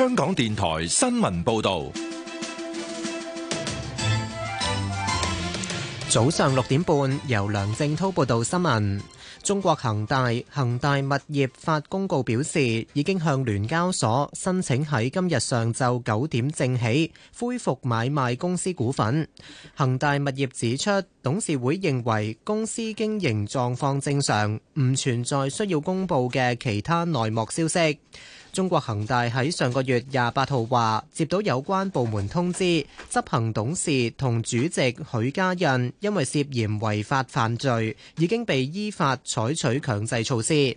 香港電台新聞報道，早上六點半，由梁正濤報道新聞。中國恒大、恒大物業發公告表示，已經向聯交所申請喺今日上晝九點正起恢復買賣公司股份。恒大物業指出，董事會認為公司經營狀況正常，唔存在需要公布嘅其他內幕消息。中國恒大喺上個月廿八號話，接到有關部門通知，執行董事同主席許家印因為涉嫌違法犯罪，已經被依法採取強制措施。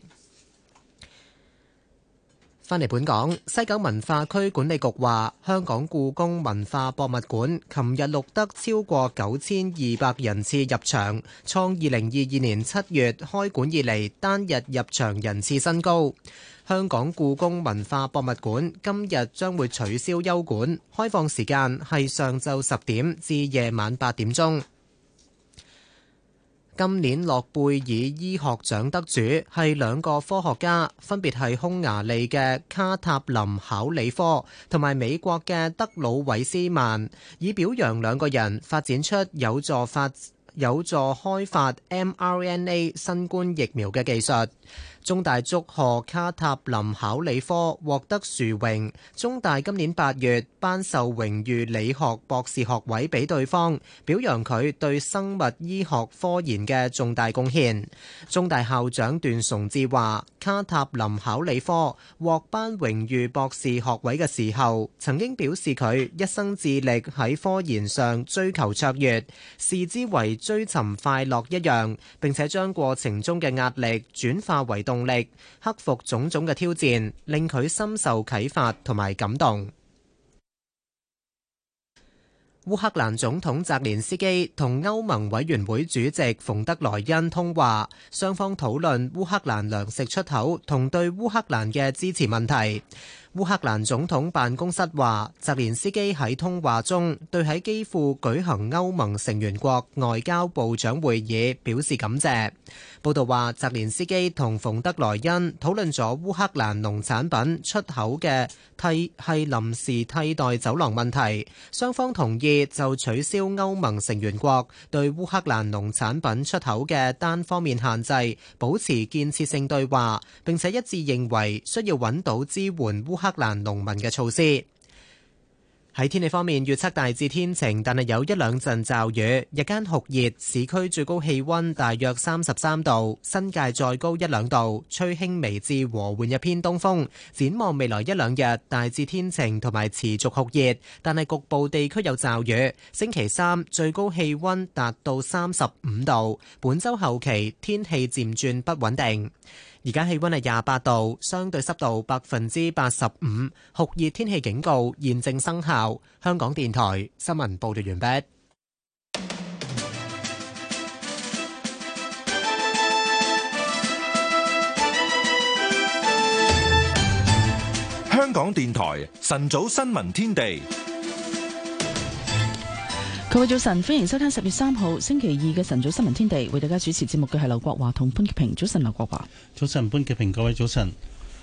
返嚟本港，西九文化區管理局話，香港故宮文化博物館琴日錄得超過九千二百人次入場，創二零二二年七月開館以嚟單日入場人次新高。香港故宮文化博物館今日將會取消休館，開放時間係上晝十點至夜晚八點鐘。今年諾貝爾醫學獎得主係兩個科學家，分別係匈牙利嘅卡塔林考里科同埋美國嘅德魯韋斯曼，以表揚兩個人發展出有助發有助開發 mRNA 新冠疫苗嘅技術。中大祝賀卡塔林考理科獲得殊榮，中大今年八月頒授榮譽理學博士學位俾對方，表揚佢對生物醫學科研嘅重大貢獻。中大校長段崇智話，卡塔林考理科獲頒榮譽博士學位嘅時候，曾經表示佢一生致力喺科研上追求卓越，視之為追尋快樂一樣，並且將過程中嘅壓力轉化為動力克服種種嘅挑戰，令佢深受啟發同埋感動。烏克蘭總統澤連斯基同歐盟委員會主席馮德萊恩通話，雙方討論烏克蘭糧食出口同對烏克蘭嘅支持問題。烏克蘭總統辦公室話，澤連斯基喺通話中對喺基輔舉行歐盟成員國外交部長會議表示感謝。報道話，澤連斯基同馮德萊恩討論咗烏克蘭農產品出口嘅替係臨時替代走廊問題，雙方同意就取消歐盟成員國對烏克蘭農產品出口嘅單方面限制，保持建設性對話，並且一致認為需要揾到支援烏克蘭農民嘅措施。喺天氣方面，預測大致天晴，但係有一兩陣驟雨。日間酷熱，市區最高氣溫大約三十三度，新界再高一兩度，吹輕微至和緩一偏東風。展望未來一兩日，大致天晴同埋持續酷熱，但係局部地區有驟雨。星期三最高氣溫達到三十五度。本周後期天氣漸轉不穩定。而家氣温係廿八度，相對濕度百分之八十五，酷熱天氣警告現正生效。香港電台新聞報道完畢。香港電台晨早新聞天地。各位早晨，歡迎收聽十月三號星期二嘅晨早新聞天地，為大家主持節目嘅係劉國華同潘潔平。早晨，劉國華。早晨，潘潔平。各位早晨。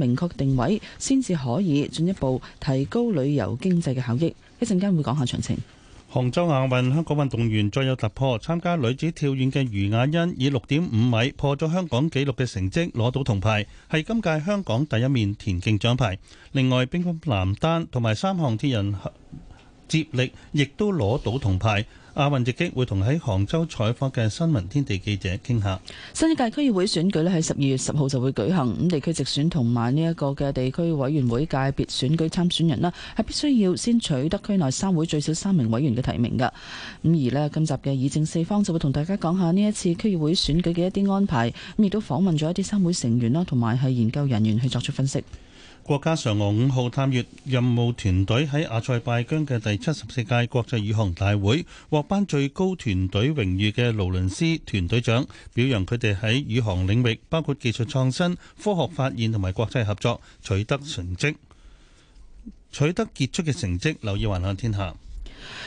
明確定位，先至可以進一步提高旅遊經濟嘅效益。一陣間會講下詳情。杭州亞運，香港運動員再有突破，參加女子跳遠嘅俞雅欣以六點五米破咗香港紀錄嘅成績攞到銅牌，係今屆香港第一面田徑獎牌。另外，乒乓男單同埋三項鐵人接力亦都攞到銅牌。亞運直擊會同喺杭州採訪嘅新聞天地記者傾下。新一屆區議會選舉咧，喺十二月十號就會舉行。咁地區直選同埋呢一個嘅地區委員會界別選舉參選人啦，係必須要先取得區內三會最少三名委員嘅提名㗎。咁而咧今集嘅議政四方就會同大家講下呢一次區議會選舉嘅一啲安排，咁亦都訪問咗一啲三會成員啦，同埋係研究人員去作出分析。國家嫦娥五號探月任務團隊喺阿塞拜疆嘅第七十四屆國際宇航大會獲頒最高團隊榮譽嘅勞倫斯團隊獎，表揚佢哋喺宇航領域包括技術創新、科學發現同埋國際合作取得成績，取得傑出嘅成績。留意《環行天下》。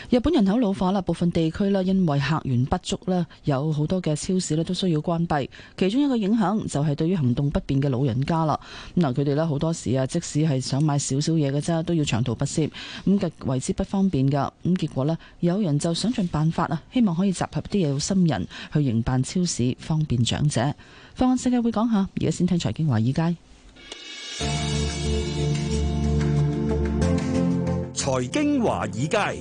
日本人口老化啦，部分地區咧因為客源不足咧，有好多嘅超市咧都需要關閉。其中一個影響就係對於行動不便嘅老人家啦，咁嗱佢哋咧好多時啊，即使係想買少少嘢嘅啫，都要長途跋涉咁嘅，為之不方便噶。咁結果呢，有人就想盡辦法啊，希望可以集合啲有心人去營辦超市，方便長者。放慢世界會講下，而家先聽財經華爾街。財經華爾街，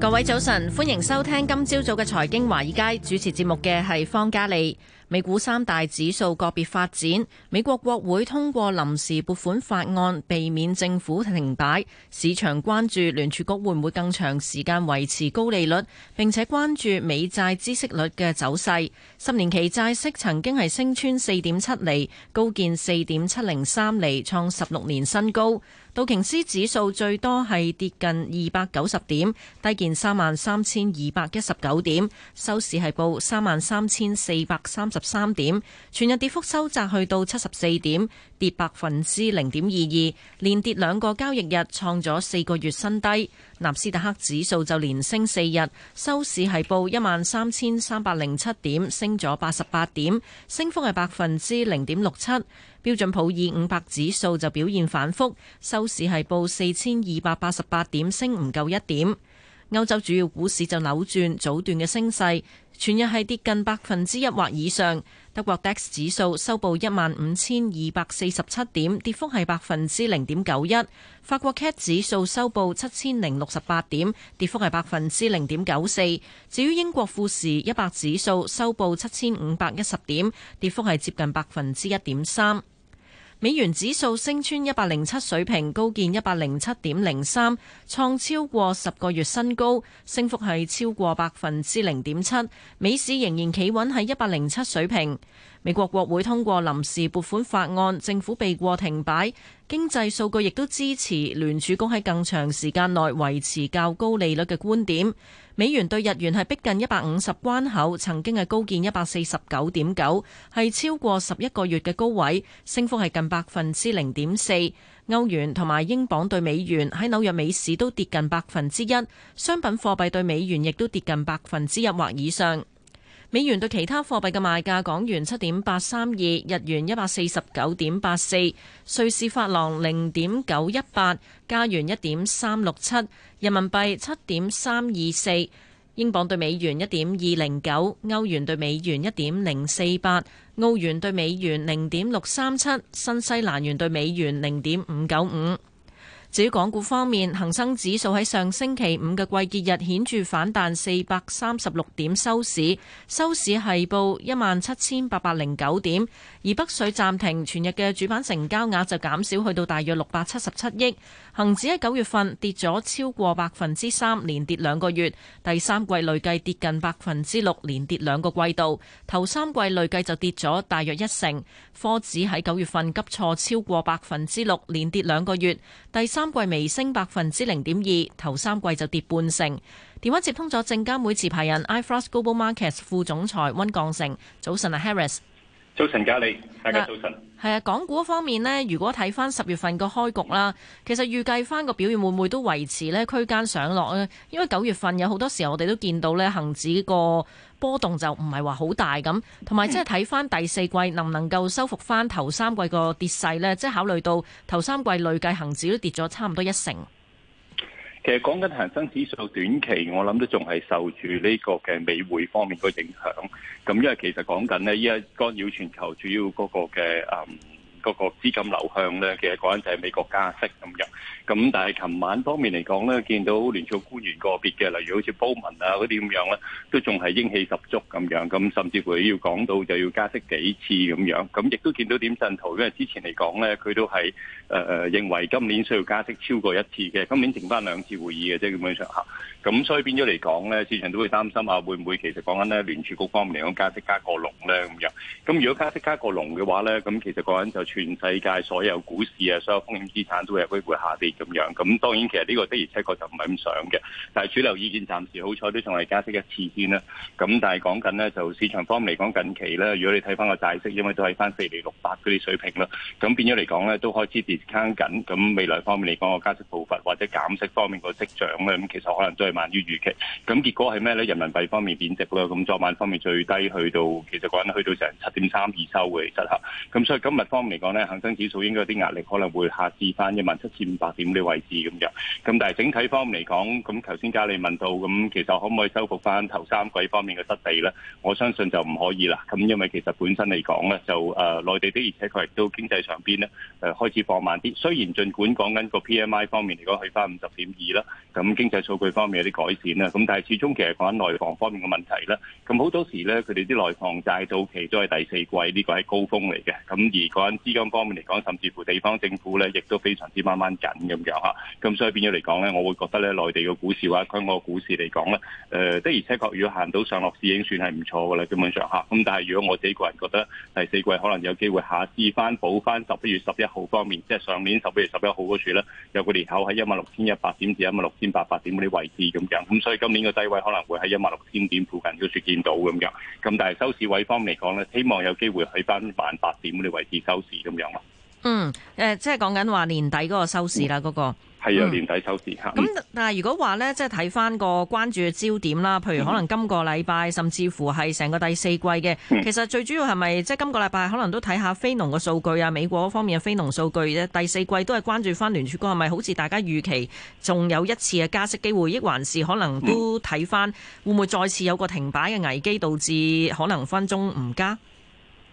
各位早晨，歡迎收聽今朝早嘅財經華爾街，主持節目嘅係方嘉利。美股三大指數個別發展，美國國會通過臨時撥款法案，避免政府停擺。市場關注聯儲局會唔會更長時間維持高利率，並且關注美債孳息率嘅走勢。十年期債息曾經係升穿四點七厘，高見四點七零三厘，創十六年新高。道瓊斯指數最多係跌近二百九十點，低見三萬三千二百一十九點，收市係報三萬三千四百三十三點，全日跌幅收窄去到七十四點，跌百分之零點二二，連跌兩個交易日，創咗四個月新低。納斯達克指數就連升四日，收市係報一萬三千三百零七點，升咗八十八點，升幅係百分之零點六七。標準普爾五百指數就表現反覆，收市係報四千二百八十八點，升唔夠一點。歐洲主要股市就扭轉早段嘅升勢，全日係跌近百分之一或以上。德國 DAX 指數收報一萬五千二百四十七點，跌幅係百分之零點九一。法國 CAC 指數收報七千零六十八點，跌幅係百分之零點九四。至於英國富時一百指數收報七千五百一十點，跌幅係接近百分之一點三。美元指數升穿一百零七水平，高見一百零七點零三，創超過十個月新高，升幅係超過百分之零點七。美市仍然企穩喺一百零七水平。美國國會通過臨時撥款法案，政府避過停擺。經濟數據亦都支持聯儲局喺更長時間內維持較高利率嘅觀點。美元對日元係逼近一百五十關口，曾經係高見一百四十九點九，係超過十一個月嘅高位，升幅係近百分之零點四。歐元同埋英鎊對美元喺紐約美市都跌近百分之一，商品貨幣對美元亦都跌近百分之一或以上。美元對其他貨幣嘅賣價：港元七點八三二，日元一百四十九點八四，瑞士法郎零點九一八，加元一點三六七，人民幣七點三二四，英鎊對美元一點二零九，歐元對美元一點零四八，澳元對美元零點六三七，新西蘭元對美元零點五九五。至於港股方面，恒生指數喺上星期五嘅季結日顯著反彈四百三十六點收市，收市係報一萬七千八百零九點，而北水暫停，全日嘅主板成交額就減少去到大約六百七十七億。恒指喺九月份跌咗超過百分之三，連跌兩個月；第三季累計跌近百分之六，連跌兩個季度；頭三季累計就跌咗大約一成。科指喺九月份急挫超過百分之六，連跌兩個月；第三。今季微升百分之零點二，頭三季就跌半成。電話接通咗證監會持牌人 iFAST Global Markets 副總裁溫鋼成。早晨啊，Harris。早晨，嘉里。大家早晨。係啊，啊，港股方面呢，如果睇翻十月份個開局啦，其實預計翻個表現會唔會都維持呢區間上落咧？因為九月份有好多時候我哋都見到呢恒指個。波動就唔係話好大咁，同埋即係睇翻第四季能唔能夠收復翻頭三季個跌勢呢？即係考慮到頭三季累計恒指都跌咗差唔多一成。其實講緊恒生指數短期，我諗都仲係受住呢個嘅美匯方面個影響。咁因為其實講緊呢，依家干擾全球主要嗰個嘅誒。嗯個個資金流向咧，其實講緊就係美國加息咁樣。咁但係琴晚方面嚟講咧，見到聯儲官員個別嘅，例如好似鮑文啊嗰啲咁樣啦，都仲係英氣十足咁樣。咁甚至乎要講到就要加息幾次咁樣。咁亦都見到點陣圖，因為之前嚟講咧，佢都係誒誒認為今年需要加息超過一次嘅。今年剩翻兩次會議嘅，即係咁樣上下。咁所以變咗嚟講咧，市場都會擔心啊，會唔會其實講緊咧聯儲局方面嚟講加息加過龍咧咁樣？咁如果加息加過龍嘅話咧，咁其實講緊就。全世界所有股市啊，所有風險資產都會有機會下跌咁樣。咁當然其實呢個的而且確就唔係咁想嘅，但係主流意見暫時好彩都仲係加息一次先啦。咁但係講緊呢，就市場方面嚟講，近期呢，如果你睇翻個債息，因為都係翻四厘六八嗰啲水平啦，咁變咗嚟講呢，都開始 discount 緊。咁未來方面嚟講，個加息步伐或者減息方面個跡象呢，咁其實可能都係慢於預期。咁結果係咩呢？人民幣方面貶值啦，咁昨晚方面最低去到，其實講緊去到成七點三二收嘅，其實嚇。咁所以今日方面。講咧，恆生指數應該有啲壓力，可能會下至翻一萬七千五百點嘅位置咁樣。咁但係整體方面嚟講，咁頭先嘉利問到，咁其實可唔可以收復翻頭三季方面嘅失地咧？我相信就唔可以啦。咁因為其實本身嚟講咧，就誒內地的，而且佢亦都經濟上邊咧誒開始放慢啲。雖然儘管講緊個 P M I 方面嚟講，去翻五十點二啦，咁經濟數據方面有啲改善啦。咁但係始終其實講緊內房方面嘅問題啦。咁好多時咧，佢哋啲內房債到期都係第四季呢個係高峰嚟嘅。咁而嗰資金方面嚟講，甚至乎地方政府咧，亦都非常之掹掹緊咁樣嚇。咁所以變咗嚟講咧，我會覺得咧，內地嘅股市或者，香港嘅股市嚟講咧，誒、呃、的而且確如果行到上落市已經算係唔錯嘅啦，基本上嚇。咁但係如果我自己個人覺得第四季可能有機會下試翻補翻十一月十一號方面，即係上年十一月十一號嗰處咧，有個年口喺一萬六千一百點至一萬六千八百點嗰啲位置咁樣。咁所以今年嘅低位可能會喺一萬六千點附近嗰處見到咁樣。咁但係收市位方面嚟講咧，希望有機會喺翻萬八點嗰啲位置收市。咁樣咯，嗯，誒、呃，即係講緊話年底嗰個收市啦，嗰、嗯嗰個係啊，年底收市嚇。咁、嗯、但係如果話呢，即係睇翻個關注嘅焦點啦，譬如可能今個禮拜，嗯、甚至乎係成個第四季嘅，嗯、其實最主要係咪即係今個禮拜可能都睇下非農嘅數據啊，美國方面嘅非農數據啫。第四季都係關注翻聯儲局係咪好似大家預期，仲有一次嘅加息機會，抑還是可能都睇翻會唔會再次有個停擺嘅危機，導致可能分鐘唔加。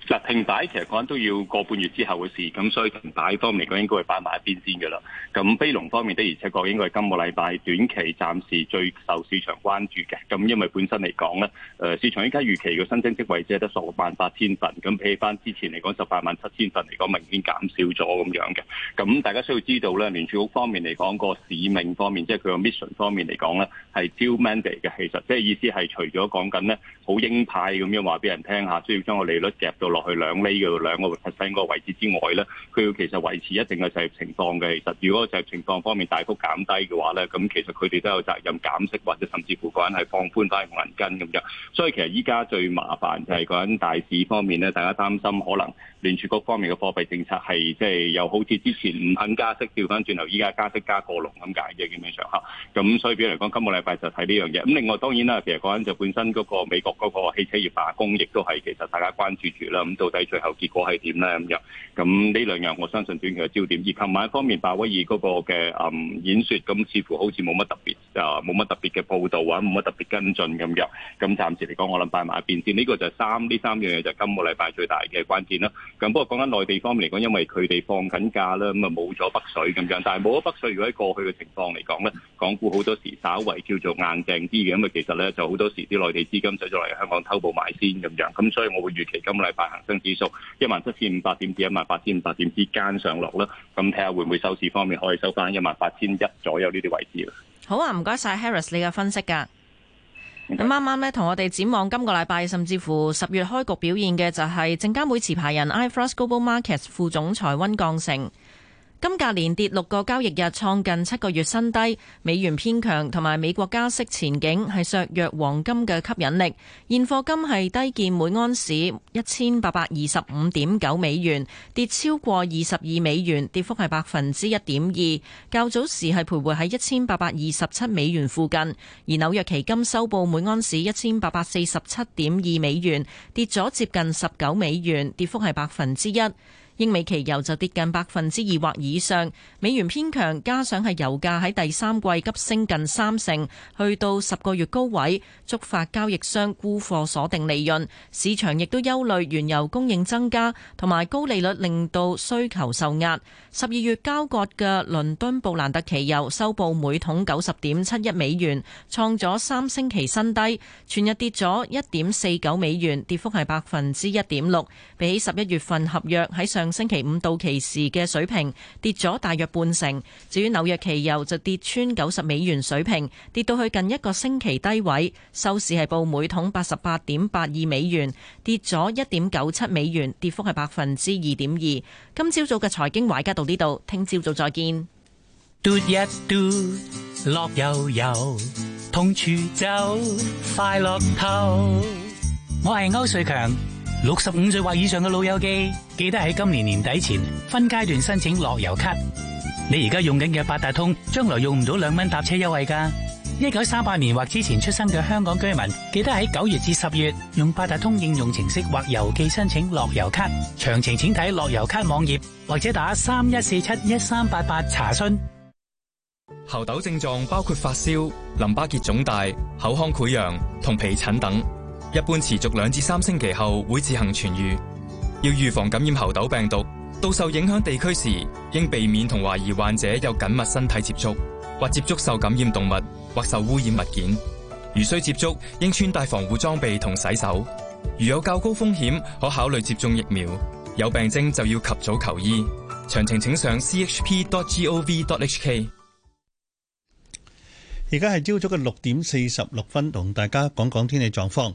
嗱，停擺其實講都要個半月之後嘅事，咁所以停擺方面嚟講應該係擺埋一邊先嘅啦。咁非農方面的而且確應該係今個禮拜短期暫時最受市場關注嘅。咁因為本身嚟講咧，誒，市場依家預期個新增職位只係得十萬八千份，咁比起返之前嚟講，十八萬七千份嚟講明顯減少咗咁樣嘅。咁大家需要知道咧，聯儲局方面嚟講個使命方面，即係佢嘅 mission 方面嚟講咧，係 dual mandate 嘅，其實即係意思係除咗講緊咧好鷹派咁樣話俾人聽下，需要將個利率夾到。落去兩厘嘅兩個 percent 個位置之外咧，佢要其實維持一定嘅就業情況嘅。其實如果就業情況方面大幅減低嘅話咧，咁其實佢哋都有責任減息或者甚至乎個人係放寬翻銀根咁樣。所以其實依家最麻煩就係個人大市方面咧，大家擔心可能。聯儲局各方面嘅貨幣政策係即係又好似之前唔肯加息，調翻轉頭依家加息加過龍咁解嘅基本上嚇，咁所以比如嚟講，今個禮拜就睇呢樣嘢。咁另外當然啦，其實講緊就本身嗰個美國嗰個汽車業罷工亦都係其實大家關注住啦。咁到底最後結果係點咧？咁樣咁呢兩樣我相信短期嘅焦點。而琴晚方面，鮑威爾嗰個嘅誒演説，咁似乎好似冇乜特別啊，冇乜特別嘅報道或者冇乜特別跟進咁樣。咁暫時嚟講，我諗擺埋一邊先。呢、這個就係三呢三樣嘢就今個禮拜最大嘅關鍵啦。咁不過講緊內地方面嚟講，因為佢哋放緊假啦，咁啊冇咗北水咁樣，但係冇咗北水，如果喺過去嘅情況嚟講咧，港股好多時稍為叫做硬淨啲嘅，咁啊其實咧就好多時啲內地資金就再嚟香港偷步買先咁樣，咁所以我會預期今個禮拜恆生指數一萬七千五百點至一萬八千五百點之間上落啦。咁睇下會唔會收市方面可以收翻一萬八千一左右呢啲位置啦。好啊，唔該晒 Harris 你嘅分析㗎。咁啱啱咧，同我哋展望今個禮拜，甚至乎十月開局表現嘅就係證監會持牌人 i Frost Global Markets 副總裁温鋼成。金價連跌六個交易日，創近七個月新低。美元偏強同埋美國加息前景係削弱黃金嘅吸引力。現貨金係低見每安士一千八百二十五點九美元，跌超過二十二美元，跌幅係百分之一點二。較早時係徘徊喺一千八百二十七美元附近。而紐約期金收報每安士一千八百四十七點二美元，跌咗接近十九美元，跌幅係百分之一。英美期油就跌近百分之二或以上，美元偏強，加上係油價喺第三季急升近三成，去到十個月高位，觸發交易商沽貨鎖定利潤。市場亦都憂慮原油供應增加同埋高利率令到需求受壓。十二月交割嘅倫敦布蘭特期油收報每桶九十點七一美元，創咗三星期新低，全日跌咗一點四九美元，跌幅係百分之一點六。比起十一月份合約喺上上星期五到期時嘅水平跌咗大約半成，至於紐約期油就跌穿九十美元水平，跌到去近一個星期低位，收市係報每桶八十八點八二美元，跌咗一點九七美元，跌幅係百分之二點二。今朝早嘅財經快加到呢度，聽朝早再見。嘟一嘟，樂悠悠，快樂透。我係歐瑞強。六十五歲或以上嘅老友記，記得喺今年年底前分階段申請樂悠咭。你而家用緊嘅八達通，將來用唔到兩蚊搭車優惠㗎。一九三八年或之前出生嘅香港居民，記得喺九月至十月用八達通應用程式或郵寄申請樂悠咭。詳情請睇樂悠咭網頁或者打三一四七一三八八查詢。猴痘症狀包括發燒、淋巴結腫大、口腔潰瘍同皮疹等。一般持續兩至三星期後會自行痊愈。要預防感染猴痘病毒，到受影響地區時應避免同懷疑患者有緊密身體接觸，或接觸受感染動物或受污染物件。如需接觸，應穿戴防護裝備同洗手。如有較高風險，可考慮接種疫苗。有病徵就要及早求醫。詳情請上 chp.gov.hk。而家係朝早嘅六點四十六分，同大家講講天氣狀況。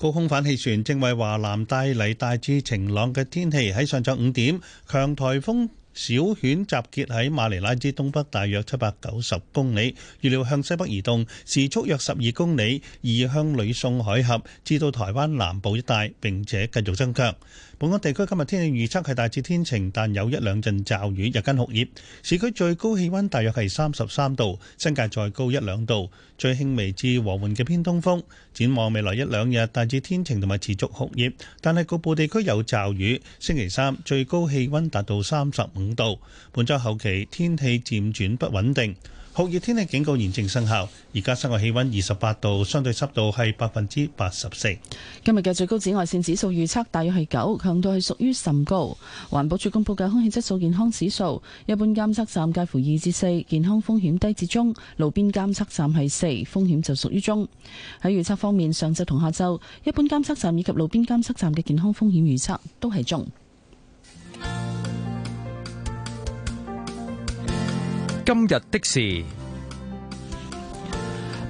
高空反氣旋正為華南帶嚟大致晴朗嘅天氣。喺上晝五點，強颱風小犬集結喺馬尼拉之東北，大約七百九十公里，預料向西北移動，時速約十二公里，移向呂宋海峽至到台灣南部一帶，並且繼續增強。本港地區今日天氣預測係大致天晴，但有一兩陣驟雨，日間酷熱。市區最高氣溫大約係三十三度，新界再高一兩度，最輕微至和緩嘅偏東風。展望未來一兩日，大致天晴同埋持續酷熱，但係局部地區有驟雨。星期三最高氣溫達到三十五度。本週後期天氣漸轉不穩定。酷熱天氣警告現正生效，而家室外氣溫二十八度，相對濕度係百分之八十四。今日嘅最高紫外線指數預測大約係九，強度係屬於甚高。環保署公布嘅空氣質素健康指數，一般監測站介乎二至四，健康風險低至中；路邊監測站係四，風險就屬於中。喺預測方面，上晝同下晝，一般監測站以及路邊監測站嘅健康風險預測都係中。今日的事，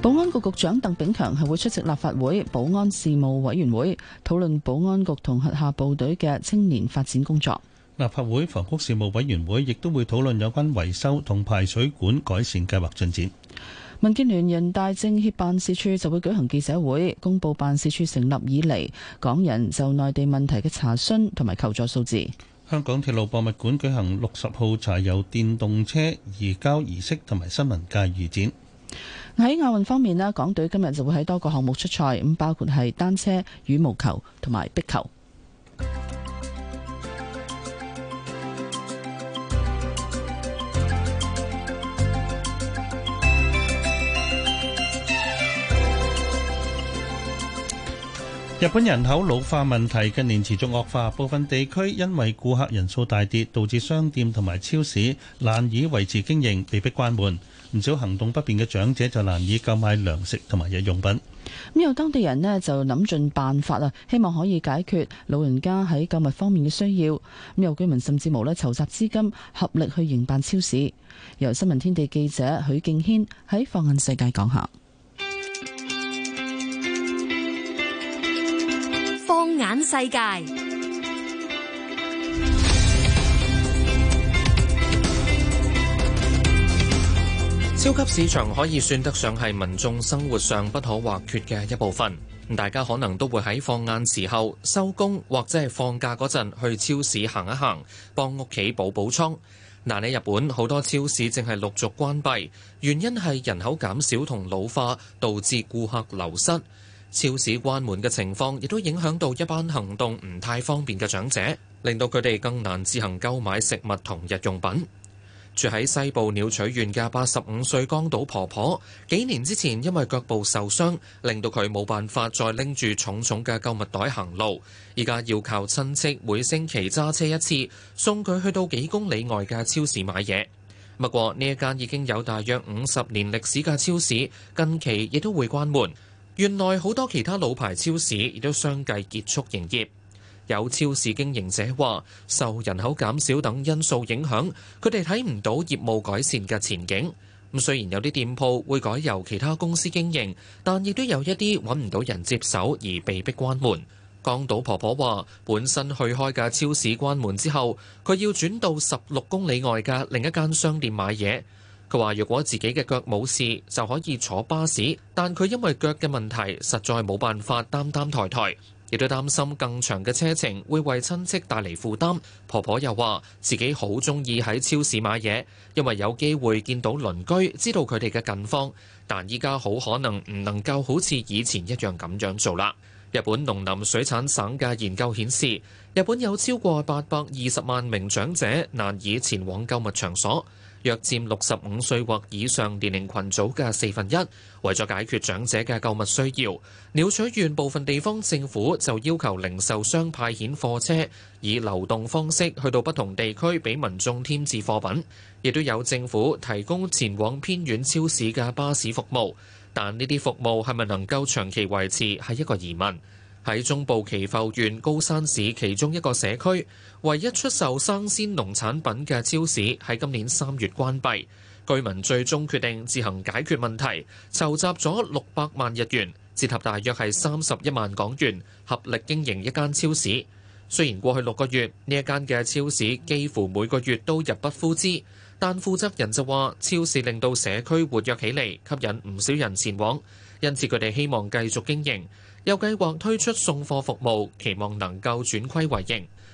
保安局局長鄧炳強係會出席立法會保安事務委員會討論保安局同轄下部隊嘅青年發展工作。立法會房屋事務委員會亦都會討論有關維修同排水管改善計劃進展。民建聯人大政協辦事處就會舉行記者會，公佈辦事處成立以嚟港人就內地問題嘅查詢同埋求助數字。香港鐵路博物館舉行六十號柴油電動車移交儀式同埋新聞界預展。喺亞運方面咧，港隊今日就會喺多個項目出賽，咁包括係單車、羽毛球同埋壁球。日本人口老化問題近年持續惡化，部分地區因為顧客人數大跌，導致商店同埋超市難以維持經營，被迫關門。唔少行動不便嘅長者就難以購買糧食同埋日用品。咁有當地人呢就諗盡辦法啦，希望可以解決老人家喺購物方面嘅需要。咁有居民甚至無呢籌集資金，合力去營辦超市。由新聞天地記者許敬軒喺放眼世界講下。眼世界，超級市場可以算得上係民眾生活上不可或缺嘅一部分。大家可能都會喺放晏時候，收工或者係放假嗰陣去超市行一行，幫屋企補補倉。嗱，喺日本好多超市正係陸續關閉，原因係人口減少同老化導致顧客流失。超市關門嘅情況亦都影響到一班行動唔太方便嘅長者，令到佢哋更難自行購買食物同日用品。住喺西部鳥取縣嘅八十五歲江島婆婆，幾年之前因為腳部受傷，令到佢冇辦法再拎住重重嘅購物袋行路。而家要靠親戚每星期揸車一次送佢去到幾公里外嘅超市買嘢。不過呢一間已經有大約五十年歷史嘅超市，近期亦都會關門。原來好多其他老牌超市亦都相繼結束營業。有超市經營者話：受人口減少等因素影響，佢哋睇唔到業務改善嘅前景。咁雖然有啲店鋪會改由其他公司經營，但亦都有一啲揾唔到人接手而被迫關門。江島婆婆話：本身去開嘅超市關門之後，佢要轉到十六公里外嘅另一間商店買嘢。佢話：如果自己嘅腳冇事，就可以坐巴士，但佢因為腳嘅問題，實在冇辦法擔擔抬抬，亦都擔心更長嘅車程會為親戚帶嚟負擔。婆婆又話：自己好中意喺超市買嘢，因為有機會見到鄰居，知道佢哋嘅近況，但依家好可能唔能夠好似以前一樣咁樣做啦。日本農林水產省嘅研究顯示，日本有超過八百二十萬名長者難以前往購物場所。約占六十五歲或以上年齡群組嘅四分一，為咗解決長者嘅購物需要，鳥取縣部分地方政府就要求零售商派遣貨車，以流動方式去到不同地區俾民眾添置貨品，亦都有政府提供前往偏遠超市嘅巴士服務。但呢啲服務係咪能夠長期維持，係一個疑問。喺中部岐阜縣高山市其中一個社區。唯一出售生鮮農產品嘅超市喺今年三月關閉，居民最終決定自行解決問題，籌集咗六百萬日元，折合大約係三十一萬港元，合力經營一間超市。雖然過去六個月呢一間嘅超市幾乎每個月都入不敷支，但負責人就話，超市令到社區活躍起嚟，吸引唔少人前往，因此佢哋希望繼續經營，又計劃推出送貨服務，期望能夠轉虧為盈。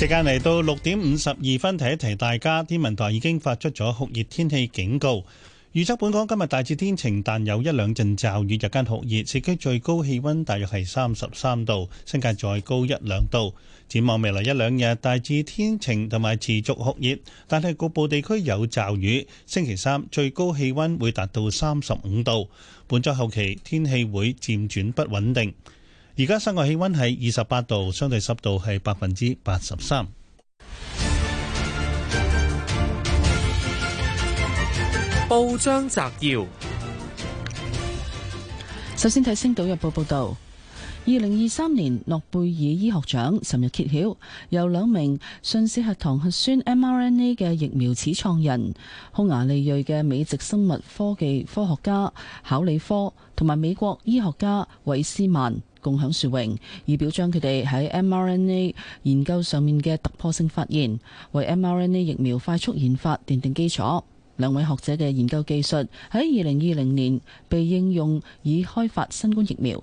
時間嚟到六點五十二分，提一提大家，天文台已經發出咗酷熱天氣警告，預測本港今日大致天晴，但有一兩陣驟雨，日間酷熱，市區最高氣溫大約係三十三度，新界再高一兩度。展望未來一兩日，大致天晴同埋持續酷熱，但係局部地區有驟雨。星期三最高氣溫會達到三十五度，本周後期天氣會漸轉不穩定。而家室外氣溫係二十八度，相對濕度係百分之八十三。報章摘要：首先睇《星島日報》報道，二零二三年諾貝爾醫學獎尋日揭曉，由兩名信使核糖核酸 mRNA 嘅疫苗始創人匈牙利裔嘅美籍生物科技科學家考里科同埋美國醫學家韋斯曼共享殊榮，以表彰佢哋喺 mRNA 研究上面嘅突破性發現，為 mRNA 疫苗快速研發奠定基礎。兩位學者嘅研究技術喺二零二零年被應用以開發新冠疫苗。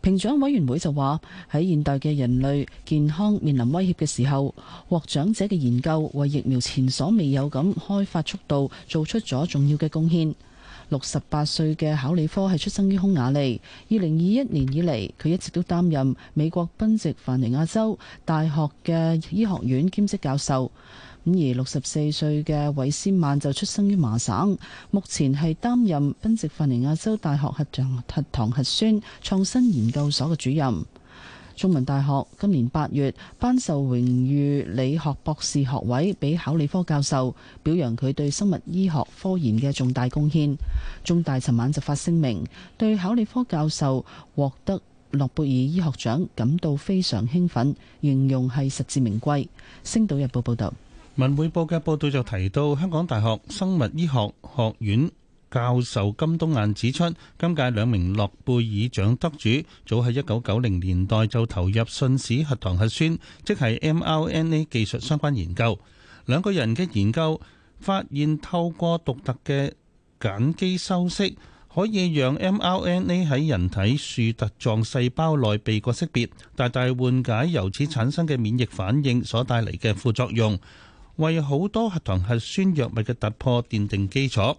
評獎委員會就話：喺現代嘅人類健康面臨威脅嘅時候，獲獎者嘅研究為疫苗前所未有咁開發速度做出咗重要嘅貢獻。六十八歲嘅考利科係出生於匈牙利，二零二一年以嚟佢一直都擔任美國賓夕凡尼亞州大學嘅醫學院兼職教授。咁而六十四歲嘅韋斯曼就出生於麻省，目前係擔任賓夕凡尼亞州大學核，核糖核酸創新研究所嘅主任。中文大學今年八月頒授榮譽理學博士學位俾考理科教授，表揚佢對生物醫學科研嘅重大貢獻。中大尋晚就發聲明，對考理科教授獲得諾貝爾醫學獎感到非常興奮，形容係實至名歸。星島日報報道，文匯報嘅報道就提到香港大學生物醫學學院。教授金冬雁指出，今屆兩名諾貝爾獎得主早喺一九九零年代就投入信使核糖核酸，即係 mRNA 技術相關研究。兩個人嘅研究發現，透過獨特嘅鹼基修飾，可以讓 mRNA 喺人體樹突狀細胞內被個識別，大大緩解由此產生嘅免疫反應所帶嚟嘅副作用，為好多核糖核酸藥物嘅突破奠定基礎。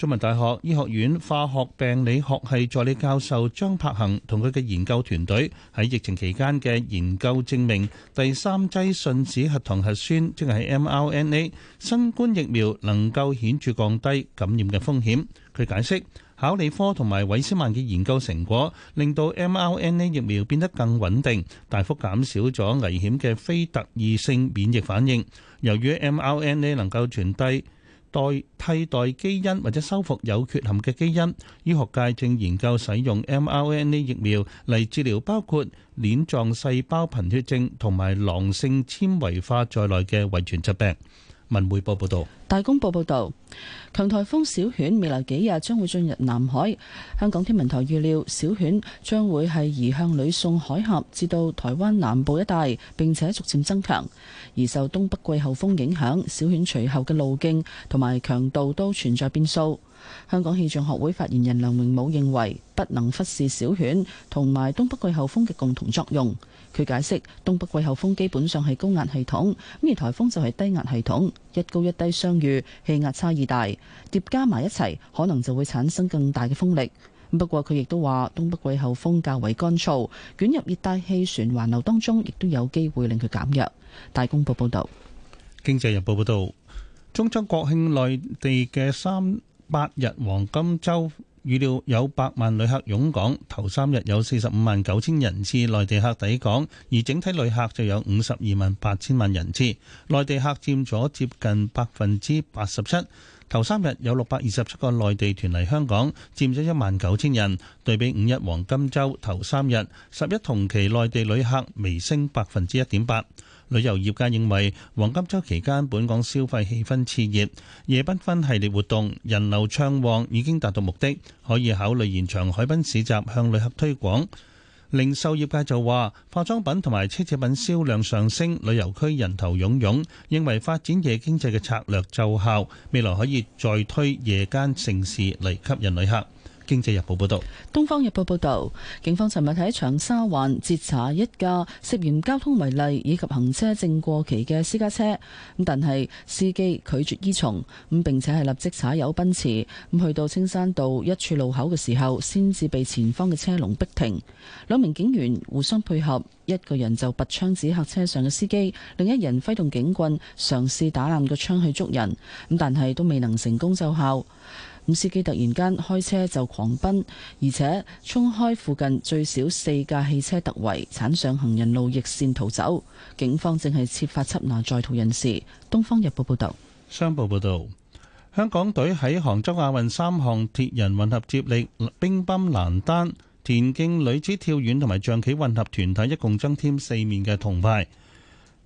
中文大學醫學院化學病理學系助理教授張柏恒同佢嘅研究團隊喺疫情期間嘅研究證明，第三劑信使核糖核酸即係、就是、mRNA 新冠疫苗能夠顯著降低感染嘅風險。佢解釋，考理科同埋韋斯曼嘅研究成果令到 mRNA 疫苗變得更穩定，大幅減少咗危險嘅非特異性免疫反應。由於 mRNA 能夠傳遞，代替代基因或者修復有缺陷嘅基因，醫學界正研究使用 mRNA 疫苗嚟治療包括鏈狀細細胞貧血症同埋囊性纖維化在內嘅遺傳疾病。文匯報報道，大公報報道，強台風小犬未來幾日將會進入南海。香港天文台預料，小犬將會係移向呂宋海峽至到台灣南部一帶，並且逐漸增強。而受東北季候風影響，小犬隨後嘅路徑同埋強度都存在變數。香港氣象學會發言人梁榮武認為，不能忽視小犬同埋東北季候風嘅共同作用。佢解釋，東北季候風基本上係高壓系統，咁而台風就係低壓系統，一高一低相遇，氣壓差異大，疊加埋一齊，可能就會產生更大嘅風力。不過佢亦都話，東北季候風較為乾燥，捲入熱帶氣旋環流當中，亦都有機會令佢減弱。大公報報道，《經濟日報》報道，中秋國慶內地嘅三八日黃金週。預料有百萬旅客湧港，頭三日有四十五萬九千人次內地客抵港，而整體旅客就有五十二萬八千萬人次，內地客佔咗接近百分之八十七。頭三日有六百二十七個內地團嚟香港，佔咗一萬九千人，對比五一黃金週頭三日，十一同期內地旅客微升百分之一點八。旅遊業界認為黃金週期間本港消費氣氛熾熱，夜繽紛系列活動人流暢旺已經達到目的，可以考慮延長海濱市集向旅客推廣。零售業界就話化妝品同埋奢侈品銷量上升，旅遊區人頭湧湧，認為發展夜經濟嘅策略奏效，未來可以再推夜間城市嚟吸引旅客。《經濟日報》報導，《東方日報》報導，警方尋日喺長沙灣截查一架涉嫌交通違例以及行車證過期嘅私家車，咁但係司機拒絕依從，咁並且係立即踩油奔馳，咁去到青山道一處路口嘅時候，先至被前方嘅車龍逼停。兩名警員互相配合，一個人就拔槍指客車上嘅司機，另一人揮動警棍嘗試打爛個槍去捉人，咁但係都未能成功奏效。五司機突然間開車就狂奔，而且衝開附近最少四架汽車突圍，鏟上行人路逆線逃走。警方正係設法緝拿在逃人士。《東方日報》報導，《商報》報導，香港隊喺杭州亞運三項鐵人混合接力、乒乓男單、田徑女子跳遠同埋象棋混合團體，一共增添四面嘅銅牌。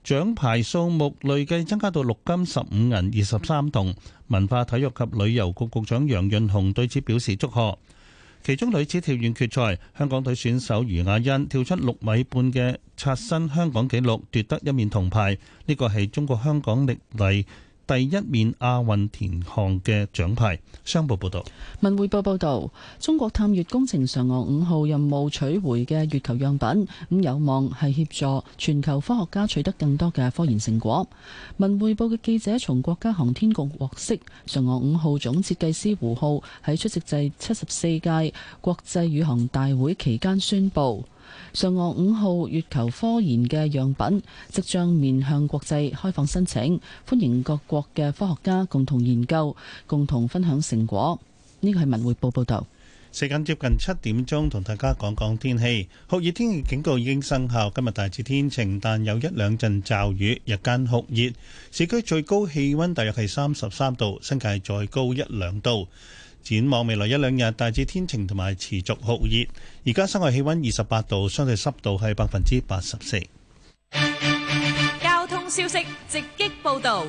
獎牌數目累計增加到六金十五銀二十三銅。文化體育及旅遊局局長楊潤雄對此表示祝賀。其中女子跳遠決賽，香港隊選手余雅欣跳出六米半嘅刷新香港紀錄，奪得一面銅牌。呢個係中國香港歷嚟第一面亞運田項嘅獎牌。商報報道，文匯報報道，中國探月工程嫦娥五號任務取回嘅月球樣品，咁有望係協助全球科學家取得更多嘅科研成果。文匯報嘅記者從國家航天局獲悉，嫦娥五號總設計師胡浩喺出席第七十四屆國際宇航大會期間宣布。嫦娥五號月球科研嘅樣品即將面向國際開放申請，歡迎各國嘅科學家共同研究，共同分享成果。呢個係文匯報報道。時間接近七點鐘，同大家講講天氣。酷熱天氣警告已經生效，今日大致天晴，但有一兩陣驟雨。日間酷熱，市區最高氣温大約係三十三度，新界再高一兩度。展望未來一兩日，大致天晴同埋持續酷熱。而家室外氣温二十八度，相對濕度係百分之八十四。交通消息直擊報導。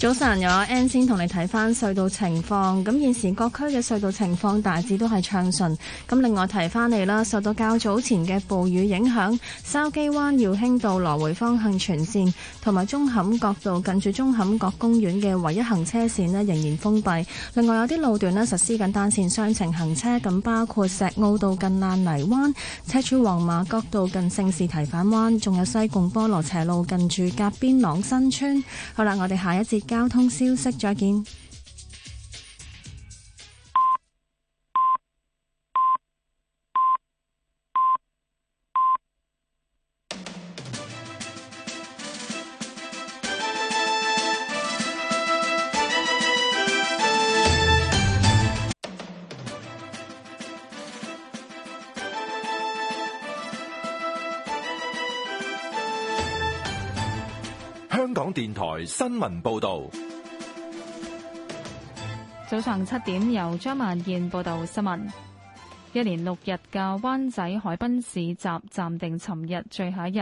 早晨，有阿 N 先同你睇翻隧道情況，咁現時各區嘅隧道情況大致都係暢順，咁另外提翻嚟啦，受到較早前嘅暴雨影響，筲箕灣耀興道來回方向全線，同埋舂坎角道近住舂坎角公園嘅唯一行車線咧仍然封閉，另外有啲路段咧實施緊單線雙程行車，咁包括石澳道近爛泥灣，赤柱黃麻角道近聖士提反灣，仲有西貢菠蘿斜路近住甲邊朗新村。好啦，我哋下一節。交通消息，再見。香港電台新聞報道：早上七點，由張萬燕報道新聞。一連六日嘅灣仔海濱市集暫定尋日最後一日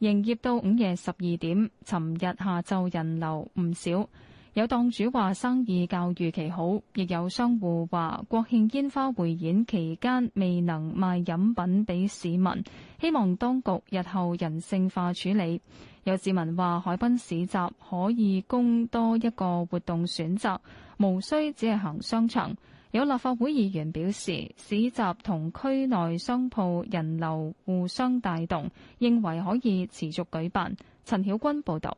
營業到午夜十二點。尋日下晝人流唔少，有檔主話生意較預期好，亦有商戶話國慶煙花匯演期間未能賣飲品俾市民，希望當局日後人性化處理。有市民話：海濱市集可以供多一個活動選擇，無需只係行商場。有立法會議員表示，市集同區內商鋪人流互相帶動，認為可以持續舉辦。陳曉君報導。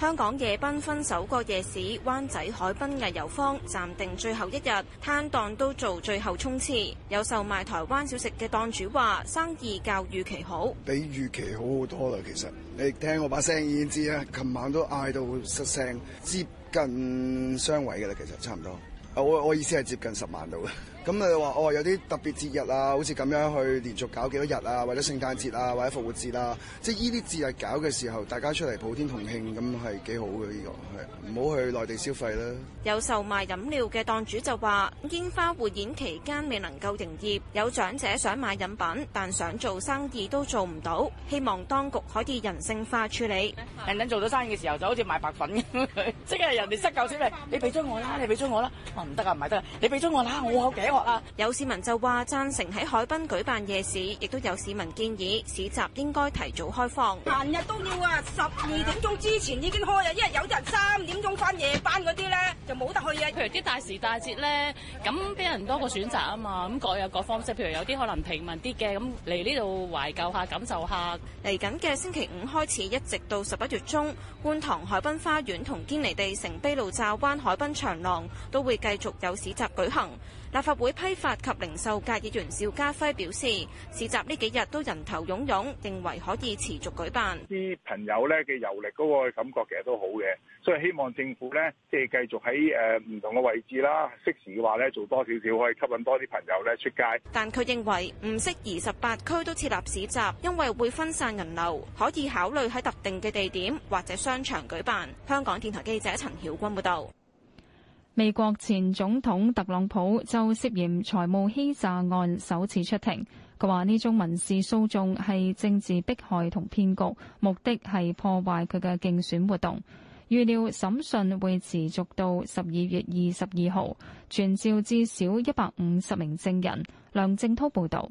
香港夜繽紛首個夜市、灣仔海濱藝遊坊暫定最後一日，攤檔都做最後衝刺。有售賣台灣小食嘅檔主話：生意較預期好，比預期好好多啦。其實你聽我把聲已經知啦，琴晚都嗌到失聲，接近雙位嘅啦。其實差唔多。我我意思係接近十萬度。咁、嗯、你話我、哦、有啲特別節日啊，好似咁樣去連續搞幾多日啊，或者聖誕節啊，或者復活節啊，即係呢啲節日搞嘅時候，大家出嚟普天同慶，咁係幾好嘅呢、呢個係，唔好去內地消費啦。有售賣飲料嘅檔主就話，煙花匯演期間未能夠營業，有長者想買飲品，但想做生意都做唔到，希望當局可以人性化處理。人哋做到生意嘅時候，就好似賣白粉咁 即係人哋塞夠錢嚟，你俾咗我啦，你俾咗我啦，我唔得啊，唔係得，你俾咗我啦，我好頸。有市民就話贊成喺海濱舉辦夜市，亦都有市民建議市集應該提早開放，閒日都要啊。十二點鐘之前已經開嘅，因為有人三點鐘翻夜班嗰啲呢就冇得去啊。譬如啲大時大節呢，咁俾人多個選擇啊嘛。咁各有各方式，譬如有啲可能平民啲嘅咁嚟呢度懷舊下，感受下。嚟緊嘅星期五開始，一直到十一月中，觀塘海濱花園同堅尼地城卑路乍灣海濱長廊都會繼續有市集舉行。立法會批發及零售界議員邵家輝表示，市集呢幾日都人頭湧湧，認為可以持續舉辦。啲朋友咧嘅遊歷嗰個感覺其實都好嘅，所以希望政府呢，即係繼續喺誒唔同嘅位置啦，適時嘅話呢，做多少少，可以吸引多啲朋友呢出街。但佢認為唔適宜十八區都設立市集，因為會分散人流，可以考慮喺特定嘅地點或者商場舉辦。香港電台記者陳曉君報道。美國前總統特朗普就涉嫌財務欺詐案首次出庭。佢話呢宗民事訴訟係政治迫害同騙局，目的係破壞佢嘅競選活動。預料審訊會持續到十二月二十二號，傳召至少一百五十名證人。梁正濤報道。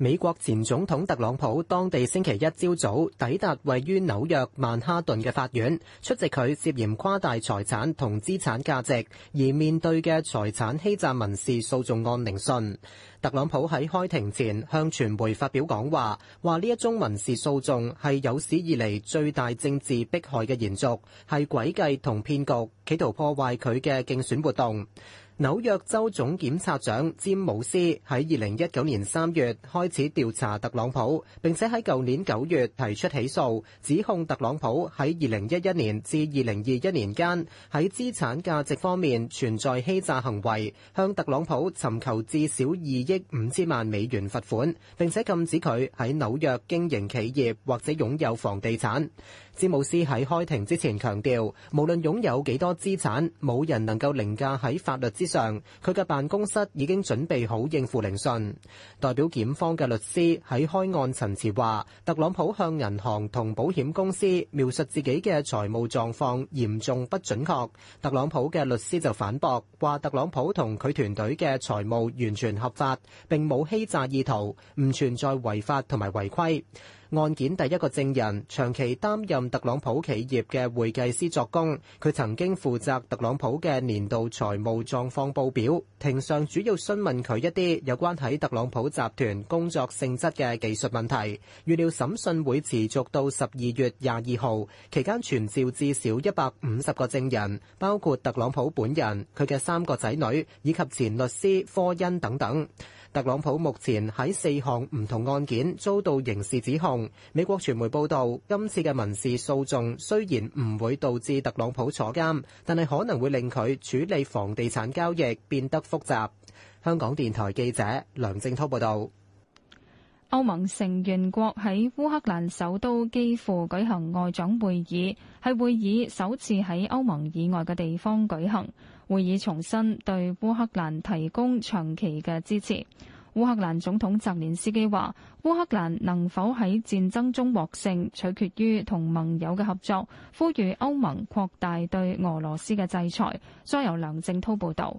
美國前總統特朗普當地星期一朝早抵達位於紐約曼哈頓嘅法院，出席佢涉嫌誇大財產同資產價值而面對嘅財產欺詐民事訴訟案聆訊。特朗普喺開庭前向傳媒發表講話，話呢一宗民事訴訟係有史以嚟最大政治迫害嘅延續，係詭計同騙局，企圖破壞佢嘅競選活動。紐約州總檢察長詹姆斯喺二零一九年三月開始調查特朗普，並且喺舊年九月提出起訴，指控特朗普喺二零一一年至二零二一年間喺資產價值方面存在欺詐行為，向特朗普尋求至少二億五千萬美元罰款，並且禁止佢喺紐約經營企業或者擁有房地產。詹姆斯喺開庭之前強調，無論擁有幾多資產，冇人能夠凌駕喺法律之上。佢嘅辦公室已經準備好應付聆訊。代表檢方嘅律師喺開案陳詞話，特朗普向銀行同保險公司描述自己嘅財務狀況嚴重不準確。特朗普嘅律師就反駁話，特朗普同佢團隊嘅財務完全合法，並冇欺詐意圖，唔存在違法同埋違規。案件第一個證人長期擔任特朗普企業嘅會計師作工，佢曾經負責特朗普嘅年度財務狀況報表。庭上主要詢問佢一啲有關喺特朗普集團工作性質嘅技術問題，預料審訊會持續到十二月廿二號，期間傳召至少一百五十個證人，包括特朗普本人、佢嘅三個仔女以及前律師科恩等等。特朗普目前喺四項唔同案件遭到刑事指控。美國傳媒報道，今次嘅民事訴訟雖然唔會導致特朗普坐監，但係可能會令佢處理房地產交易變得複雜。香港電台記者梁正濤報道，歐盟成員國喺烏克蘭首都基輔舉行外長會議，係會議首次喺歐盟以外嘅地方舉行。會議重申對烏克蘭提供長期嘅支持。烏克蘭總統澤連斯基話：烏克蘭能否喺戰爭中獲勝，取決於同盟友嘅合作。呼籲歐盟擴大對俄羅斯嘅制裁。再由梁正濤報導。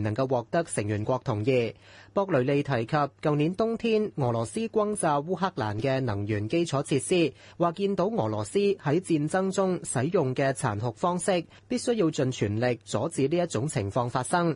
能夠獲得成員國同意。博雷利提及舊年冬天俄羅斯轟炸烏克蘭嘅能源基礎設施，話見到俄羅斯喺戰爭中使用嘅殘酷方式，必須要盡全力阻止呢一種情況發生。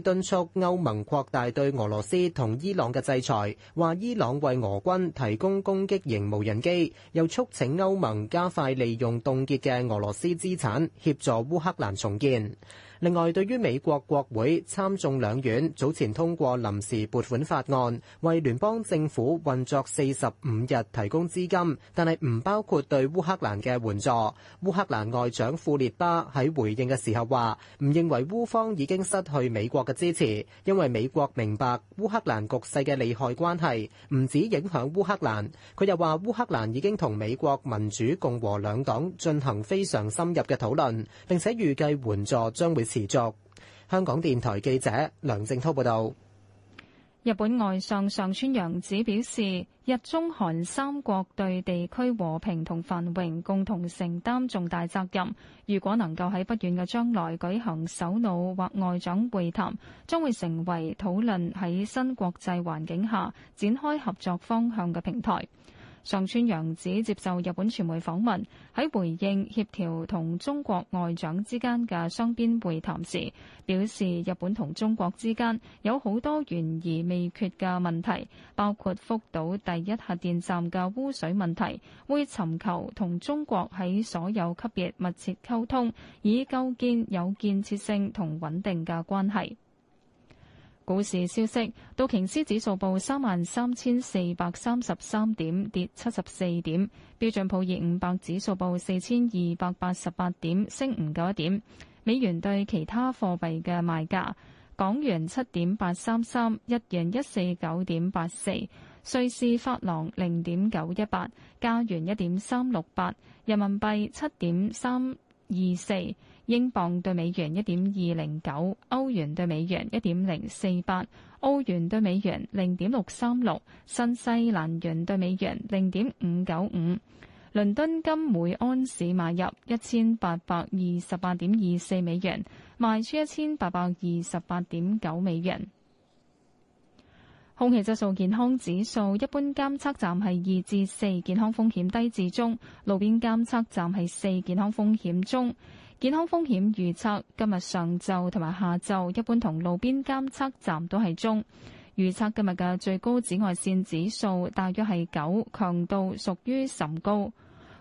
敦促歐盟擴大對俄羅斯同伊朗嘅制裁，話伊朗為俄軍提供攻擊型無人機，又促請歐盟加快利用凍結嘅俄羅斯資產協助烏克蘭重建。另外，對於美國國會參眾兩院早前通過臨時撥款法案，為聯邦政府運作四十五日提供資金，但係唔包括對烏克蘭嘅援助。烏克蘭外長庫列巴喺回應嘅時候話：唔認為烏方已經失去美國嘅支持，因為美國明白烏克蘭局勢嘅利害關係，唔止影響烏克蘭。佢又話：烏克蘭已經同美國民主共和兩黨進行非常深入嘅討論，並且預計援助將會持續。香港電台記者梁正濤報道，日本外相上川陽子表示，日中韓三國對地區和平同繁榮共同承擔重大責任。如果能夠喺不遠嘅將來舉行首腦或外長會談，將會成為討論喺新國際環境下展開合作方向嘅平台。上川陽子接受日本傳媒訪問，喺回應協調同中國外長之間嘅雙邊會談時，表示日本同中國之間有好多懸而未決嘅問題，包括福島第一核電站嘅污水問題，會尋求同中國喺所有級別密切溝通，以構建有建設性同穩定嘅關係。股市消息，道瓊斯指數報三萬三千四百三十三點，跌七十四點，標準普爾五百指數報四千二百八十八點，升五九一點。美元對其他貨幣嘅賣價，港元七點八三三，日元一四九點八四，瑞士法郎零點九一八，加元一點三六八，人民幣七點三二四。英鎊對美元一點二零九，歐元對美元一點零四八，歐元對美元零點六三六，新西蘭元對美元零點五九五。倫敦金每安士買入一千八百二十八點二四美元，賣出一千八百二十八點九美元。空氣質素健康指數，一般監測站係二至四，健康風險低至中；路邊監測站係四，健康風險中。健康風險預測今日上晝同埋下晝，一般同路邊監測站都係中。預測今日嘅最高紫外線指數大約係九，強度屬於甚高。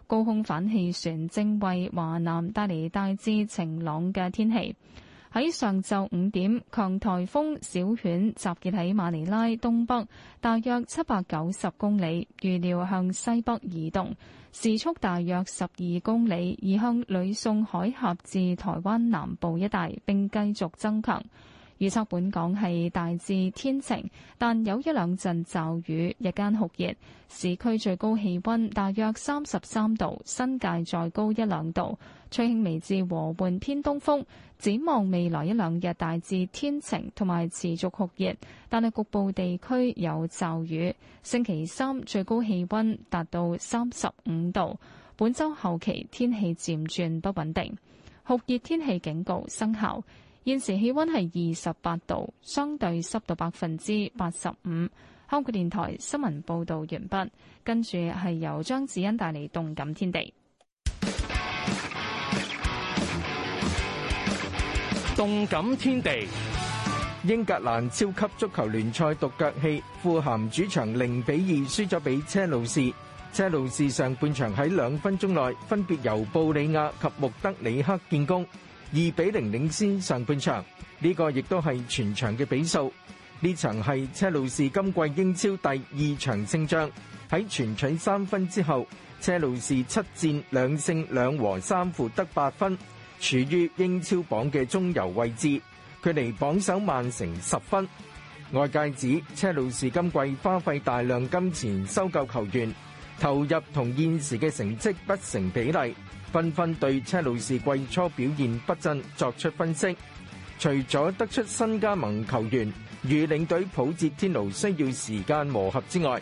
高空反氣旋正為華南帶嚟大致晴朗嘅天氣。喺上晝五點，強颱風小犬集結喺馬尼拉東北，大約七百九十公里，預料向西北移動，時速大約十二公里，移向呂宋海峽至台灣南部一帶，並繼續增強。預測本港係大致天晴，但有一兩陣驟雨，日間酷熱，市區最高氣温大約三十三度，新界再高一兩度，吹輕微至和緩偏東風。展望未來一兩日，大致天晴同埋持續酷熱，但係局部地區有驟雨。星期三最高氣温達到三十五度。本週後期天氣漸轉不穩定，酷熱天氣警告生效。現時氣温係二十八度，相對濕度百分之八十五。香港電台新聞報導完畢，跟住係由張子欣帶嚟動感天地。動感天地，英格蘭超級足球聯賽獨腳戲，富咸主場零比二輸咗俾車路士。車路士上半場喺兩分鐘內分別由布里亞及穆德里克建功，二比零領先上半場。呢個亦都係全場嘅比數。呢場係車路士今季英超第二場勝仗，喺全取三分之後，車路士七戰兩勝兩和三負得八分。處於英超榜嘅中游位置，距離榜首曼城十分。外界指車路士今季花費大量金錢收購球員，投入同現時嘅成績不成比例，紛紛對車路士季初表現不振作出分析，除咗得出新加盟球員與領隊普捷天奴需要時間磨合之外。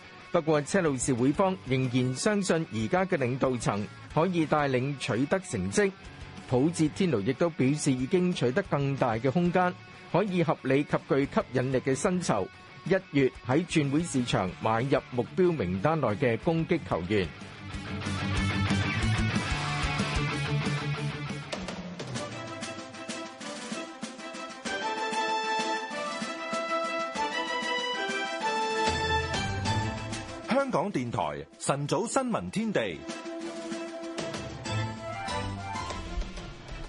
不過，車路士會方仍然相信而家嘅領導層可以帶領取得成績。普捷天奴亦都表示已經取得更大嘅空間，可以合理及具吸引力嘅薪酬。一月喺轉會市場買入目標名單內嘅攻擊球員。電台晨早新聞天地，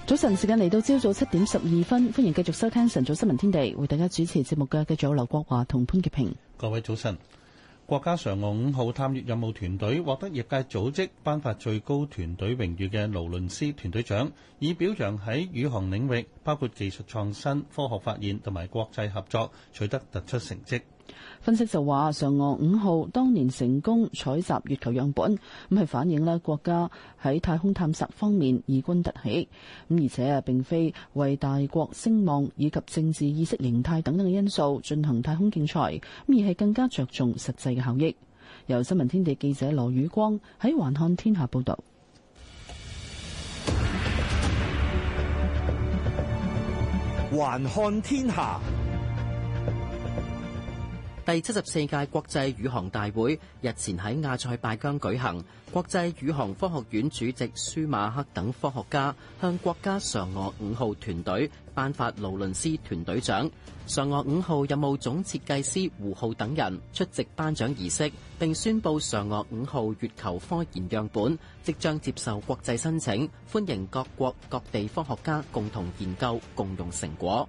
早晨時間嚟到朝早七點十二分，歡迎繼續收聽晨早新聞天地，為大家主持節目嘅繼續有劉國華同潘潔平。各位早晨，國家嫦娥五號探月任務團隊獲得業界組織頒發最高團隊榮譽嘅勞倫斯團隊獎，以表揚喺宇航領域，包括技術創新、科學發現同埋國際合作取得突出成績。分析就話，嫦娥五號當年成功採集月球樣本，咁係反映啦國家喺太空探索方面異軍突起，咁而且啊，並非為大國聲望以及政治意識形態等等嘅因素進行太空競賽，而係更加着重實際嘅效益。由新聞天地記者羅宇光喺環看天下報道。環看天下。第七十四屆國際宇航大會日前喺阿塞拜疆舉行，國際宇航科學院主席舒馬克等科學家向國家嫦娥五號團隊頒發勞倫斯團隊獎，嫦娥五號任務總設計師胡浩等人出席頒獎儀式，並宣布嫦娥五號月球科研樣本即將接受國際申請，歡迎各國各地科學家共同研究，共用成果。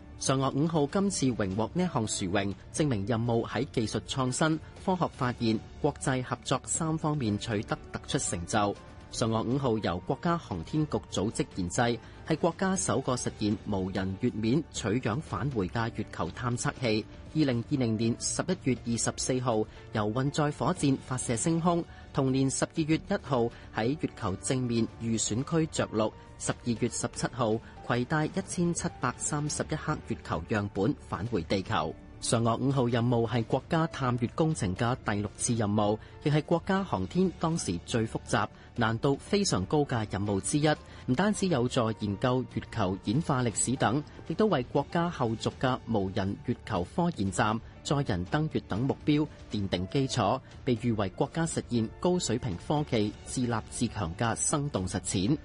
嫦娥五號今次榮獲呢項殊榮，證明任務喺技術創新、科學發現、國際合作三方面取得突出成就。嫦娥五號由國家航天局組織研製，係國家首個實現無人月面取樣返回嘅月球探測器。二零二零年十一月二十四號由運載火箭發射升空，同年十二月一號喺月球正面預選區着陸，十二月十七號，攜帶一千七百三十一克月球樣本返回地球。嫦娥五號任務係國家探月工程嘅第六次任務，亦係國家航天當時最複雜、難度非常高嘅任務之一。唔單止有助研究月球演化歷史等，亦都為國家後續嘅無人月球科研站、載人登月等目標奠定基礎，被譽為國家實現高水平科技自立自強嘅生動實踐。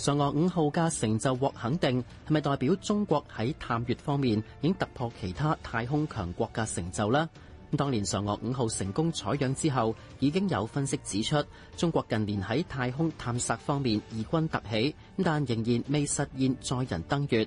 嫦娥五號嘅成就獲肯定，係咪代表中國喺探月方面已經突破其他太空強國嘅成就呢？咁當年嫦娥五號成功採樣之後，已經有分析指出，中國近年喺太空探索方面異軍突起，但仍然未實現載人登月。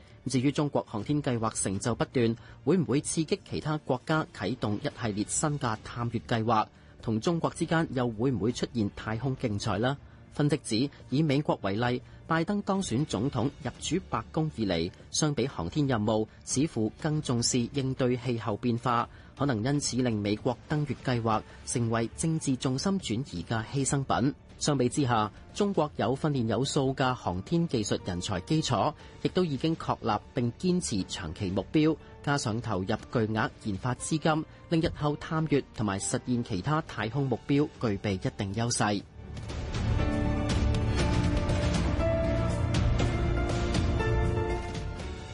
至於中國航天計劃成就不斷，會唔會刺激其他國家啟動一系列新嘅探月計劃？同中國之間又會唔會出現太空競賽呢？分析指，以美國為例，拜登當選總統入主白宮以嚟，相比航天任務，似乎更重視應對氣候變化，可能因此令美國登月計劃成為政治重心轉移嘅犧牲品。相比之下，中國有訓練有素嘅航天技術人才基礎，亦都已經確立並堅持長期目標，加上投入巨額研發資金，令日後探月同埋實現其他太空目標，具備一定優勢。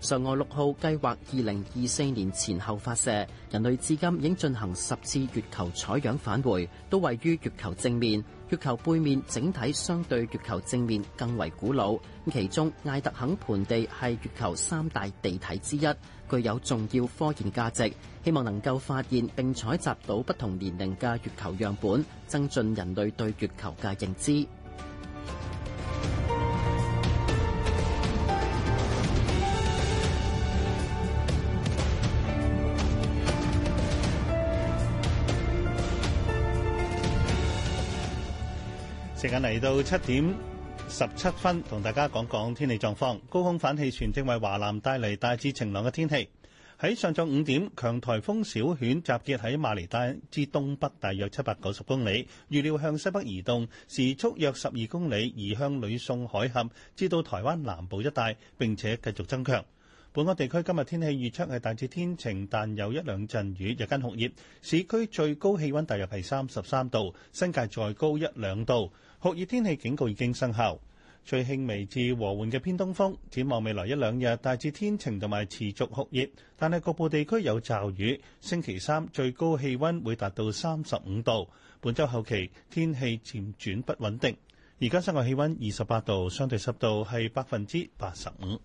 嫦娥六號計劃二零二四年前後發射，人類至今已經進行十次月球採樣返回，都位於月球正面。月球背面整體相對月球正面更為古老。其中艾特肯盆地係月球三大地體之一，具有重要科研價值，希望能夠發現並採集到不同年齡嘅月球樣本，增進人類對月球嘅認知。時間嚟到七點十七分，同大家講講天氣狀況。高空反氣旋正為華南帶嚟大致晴朗嘅天氣。喺上晝五點，強颱風小犬集結喺馬尼拉之東北，大約七百九十公里，預料向西北移動，時速約十二公里，移向呂宋海峽，至到台灣南部一帶，並且繼續增強。本港地區今日天氣預測係大致天晴，但有一兩陣雨，日間酷熱。市區最高氣温大約係三十三度，新界再高一兩度。酷熱天氣警告已經生效，最輕微至和緩嘅偏東風。展望未來一兩日大致天晴同埋持續酷熱，但係局部地區有驟雨。星期三最高氣温會達到三十五度。本週後期天氣漸轉不穩定。而家室外氣温二十八度，相對濕度係百分之八十五。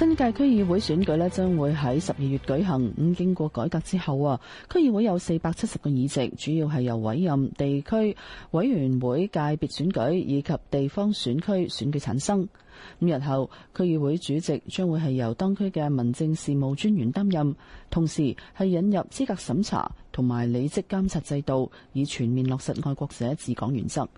新界區議會選舉呢將會喺十二月舉行，咁經過改革之後啊，區議會有四百七十個議席，主要係由委任、地區委員會界別選舉以及地方選區選舉產生。五日後，區議會主席將會係由當區嘅民政事務專員擔任，同時係引入資格審查同埋履職監察制度，以全面落實愛國者治港原則。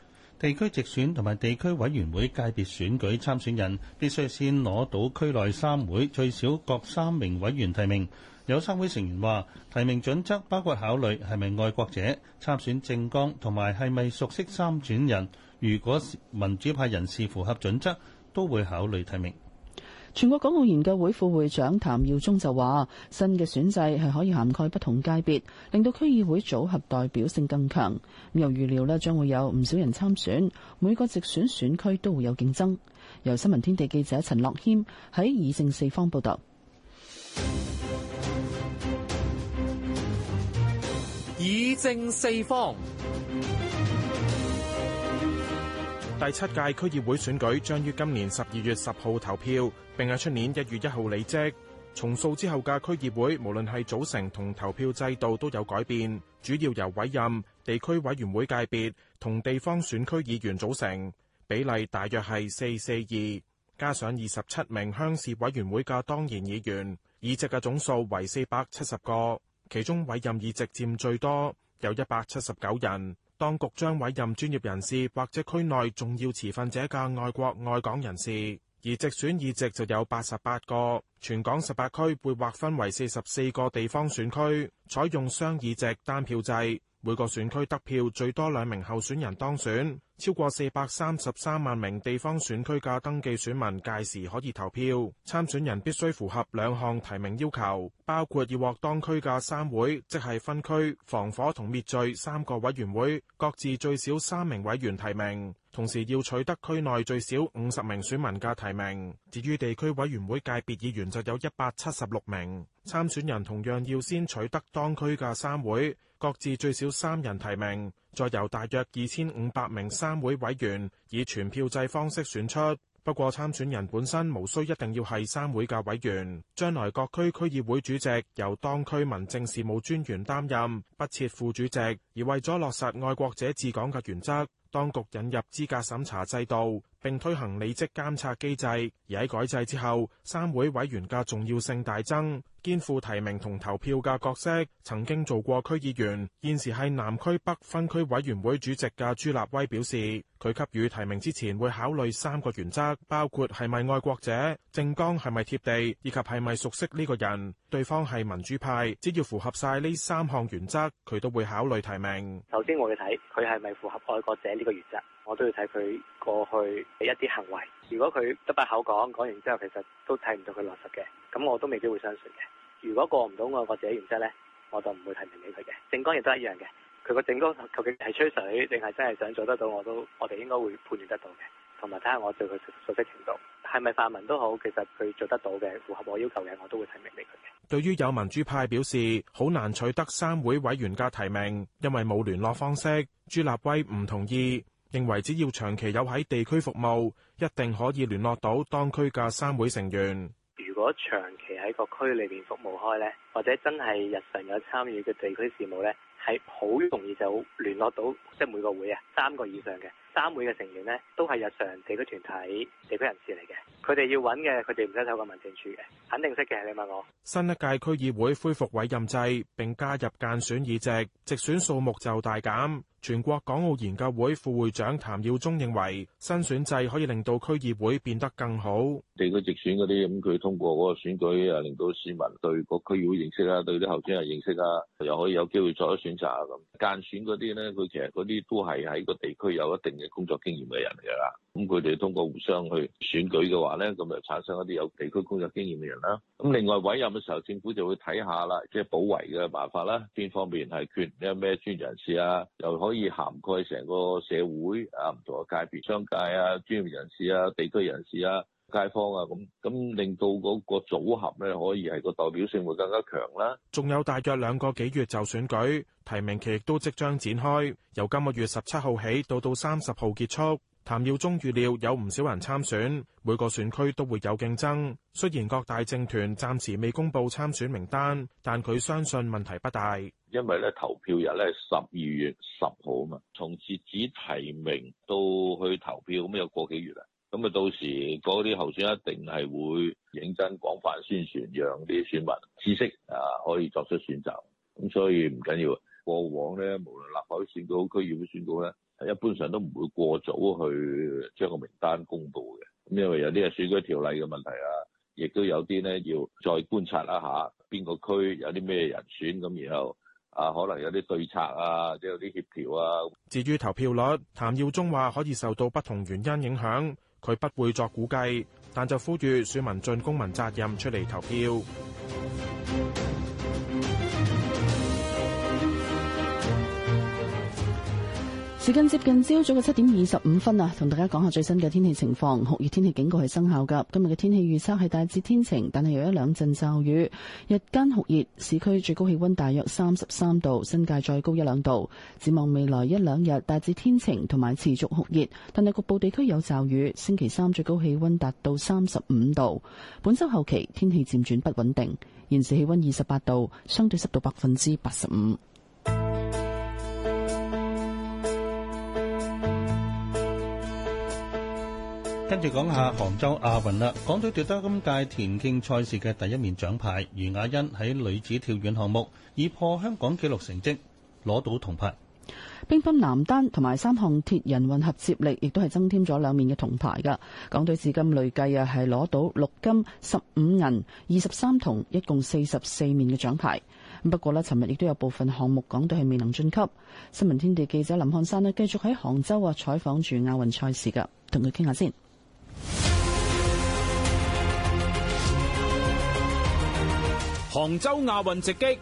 地區直選同埋地區委員會界別選舉參選人必須先攞到區內三會最少各三名委員提名。有三會成員話，提名準則包括考慮係咪愛國者、參選政綱同埋係咪熟悉參選人。如果民主派人士符合準則，都會考慮提名。全國港澳研究會副會長譚耀宗就話：新嘅選制係可以涵蓋不同界別，令到區議會組合代表性更強。咁又預料咧，將會有唔少人參選，每個直選選區都會有競爭。由新聞天地記者陳樂謙喺以正四方報道。以正四方。報道以正四方第七屆區議會選舉將於今年十二月十號投票，並係出年一月一號離職。重塑之後嘅區議會，無論係組成同投票制度都有改變，主要由委任、地區委員會界別同地方選區議員組成，比例大約係四四二，加上二十七名鄉事委員會嘅當然議員，議席嘅總數為四百七十個，其中委任議席佔最多，有一百七十九人。當局將委任專業人士或者區內重要持份者嘅愛國愛港人士，而直選議席就有八十八個，全港十八區被劃分為四十四個地方選區，採用雙議席單票制。每個選區得票最多兩名候選人當選，超過四百三十三萬名地方選區嘅登記選民屆時可以投票。參選人必須符合兩項提名要求，包括要獲當區嘅三會，即係分區、防火同滅罪三個委員會，各自最少三名委員提名，同時要取得區內最少五十名選民嘅提名。至於地區委員會界別議員，就有一百七十六名。參選人同樣要先取得當區嘅三會，各自最少三人提名，再由大約二千五百名三會委員以全票制方式選出。不過參選人本身無需一定要係三會嘅委員。將來各區區議會主席由當區民政事務專員擔任，不設副主席。而為咗落實愛國者治港嘅原則，當局引入資格審查制度。並推行履職監察機制，而喺改制之後，三會委員嘅重要性大增，肩負提名同投票嘅角色。曾經做過區議員，現時係南區北分區委員會主席嘅朱立威表示，佢給予提名之前會考慮三個原則，包括係咪愛國者、政綱係咪貼地，以及係咪熟悉呢個人。對方係民主派，只要符合晒呢三項原則，佢都會考慮提名。首先我要睇佢係咪符合愛國者呢個原則。我都要睇佢過去嘅一啲行為。如果佢得把口講，講完之後，其實都睇唔到佢落實嘅。咁我都未必會相信嘅。如果過唔到我個自己原則呢，我就唔會提名俾佢嘅。政綱亦都一樣嘅。佢個政綱究竟係吹水定係真係想做得到，我都我哋應該會判斷得到嘅。同埋睇下我對佢熟悉程度，係咪泛民都好，其實佢做得到嘅符合我要求嘅，我都會提名俾佢嘅。對於有民主派表示好難取得三會委員嘅提名，因為冇聯絡方式。朱立威唔同意。認為只要長期有喺地區服務，一定可以聯絡到當區嘅三會成員。如果長期喺個區裏邊服務開呢，或者真係日常有參與嘅地區事務呢，係好容易就聯絡到即係、就是、每個會啊，三個以上嘅三會嘅成員呢，都係日常地區團體、地區人士嚟嘅。佢哋要揾嘅，佢哋唔使透過民政處嘅，肯定識嘅。你問我，新一屆區議會恢復委任制，並加入間選議席，直選數目就大減。全國港澳研究會副會長譚耀宗認為，新選制可以令到區議會變得更好。地區直選嗰啲，咁佢通過嗰個選舉啊，令到市民對個區議會認識啦，對啲候選人認識啦，又可以有機會作出選擇啊。咁間選嗰啲咧，佢其實嗰啲都係喺個地區有一定嘅工作經驗嘅人嚟噶啦。咁佢哋通過互相去選舉嘅話，咧，咁就產生一啲有地區工作經驗嘅人啦。咁另外委任嘅時候，政府就會睇下啦，即係補位嘅辦法啦。邊方面係缺咩咩專業人士啊？又可以涵蓋成個社會啊，唔同嘅界別，商界啊，專業人士啊，地區人士啊，街坊啊，咁咁令到嗰個組合咧，可以係個代表性會更加強啦。仲有大約兩個幾月就選舉提名期，亦都即將展開，由今個月十七號起到到三十號結束。譚耀宗預料有唔少人參選，每個選區都會有競爭。雖然各大政團暫時未公布參選名單，但佢相信問題不大，因為咧投票日咧係十二月十號啊嘛。從截止提名到去投票，咁有個幾月啦。咁啊到時嗰啲候選一定係會認真廣泛宣傳，讓啲選民知識啊，可以作出選擇，咁所以唔緊要。過往咧，無論立法會選舉、區議會選舉咧，一般上都唔會過早去將個名單公布嘅，因為有啲係選舉條例嘅問題啊，亦都有啲咧要再觀察一下邊個區有啲咩人選，咁然後啊，可能有啲對策啊，即有啲協調啊。至於投票率，譚耀宗話可以受到不同原因影響，佢不會作估計，但就呼籲選民盡公民責任出嚟投票。時間接近朝早嘅七點二十五分啊，同大家講下最新嘅天氣情況。酷熱天氣警告係生效噶。今日嘅天氣預測係大致天晴，但係有一兩陣驟雨。日間酷熱，市區最高氣溫大約三十三度，新界再高一兩度。展望未來一兩日，大致天晴同埋持續酷熱，但係局部地區有驟雨。星期三最高氣溫達到三十五度。本周後期天氣漸轉不穩定。現時氣溫二十八度，相對濕度百分之八十五。跟住講下杭州亞運啦。港隊奪得今屆田徑賽事嘅第一面獎牌，余雅欣喺女子跳遠項目以破香港紀錄成績攞到銅牌。乒乓男單同埋三項鐵人混合接力亦都係增添咗兩面嘅銅牌噶。港隊至今累計啊，係攞到六金、十五銀、二十三銅，一共四十四面嘅獎牌。不過呢，尋日亦都有部分項目港隊係未能晉級。新聞天地記者林漢山呢繼續喺杭州啊採訪住亞運賽事噶，同佢傾下先。杭州亞運直擊。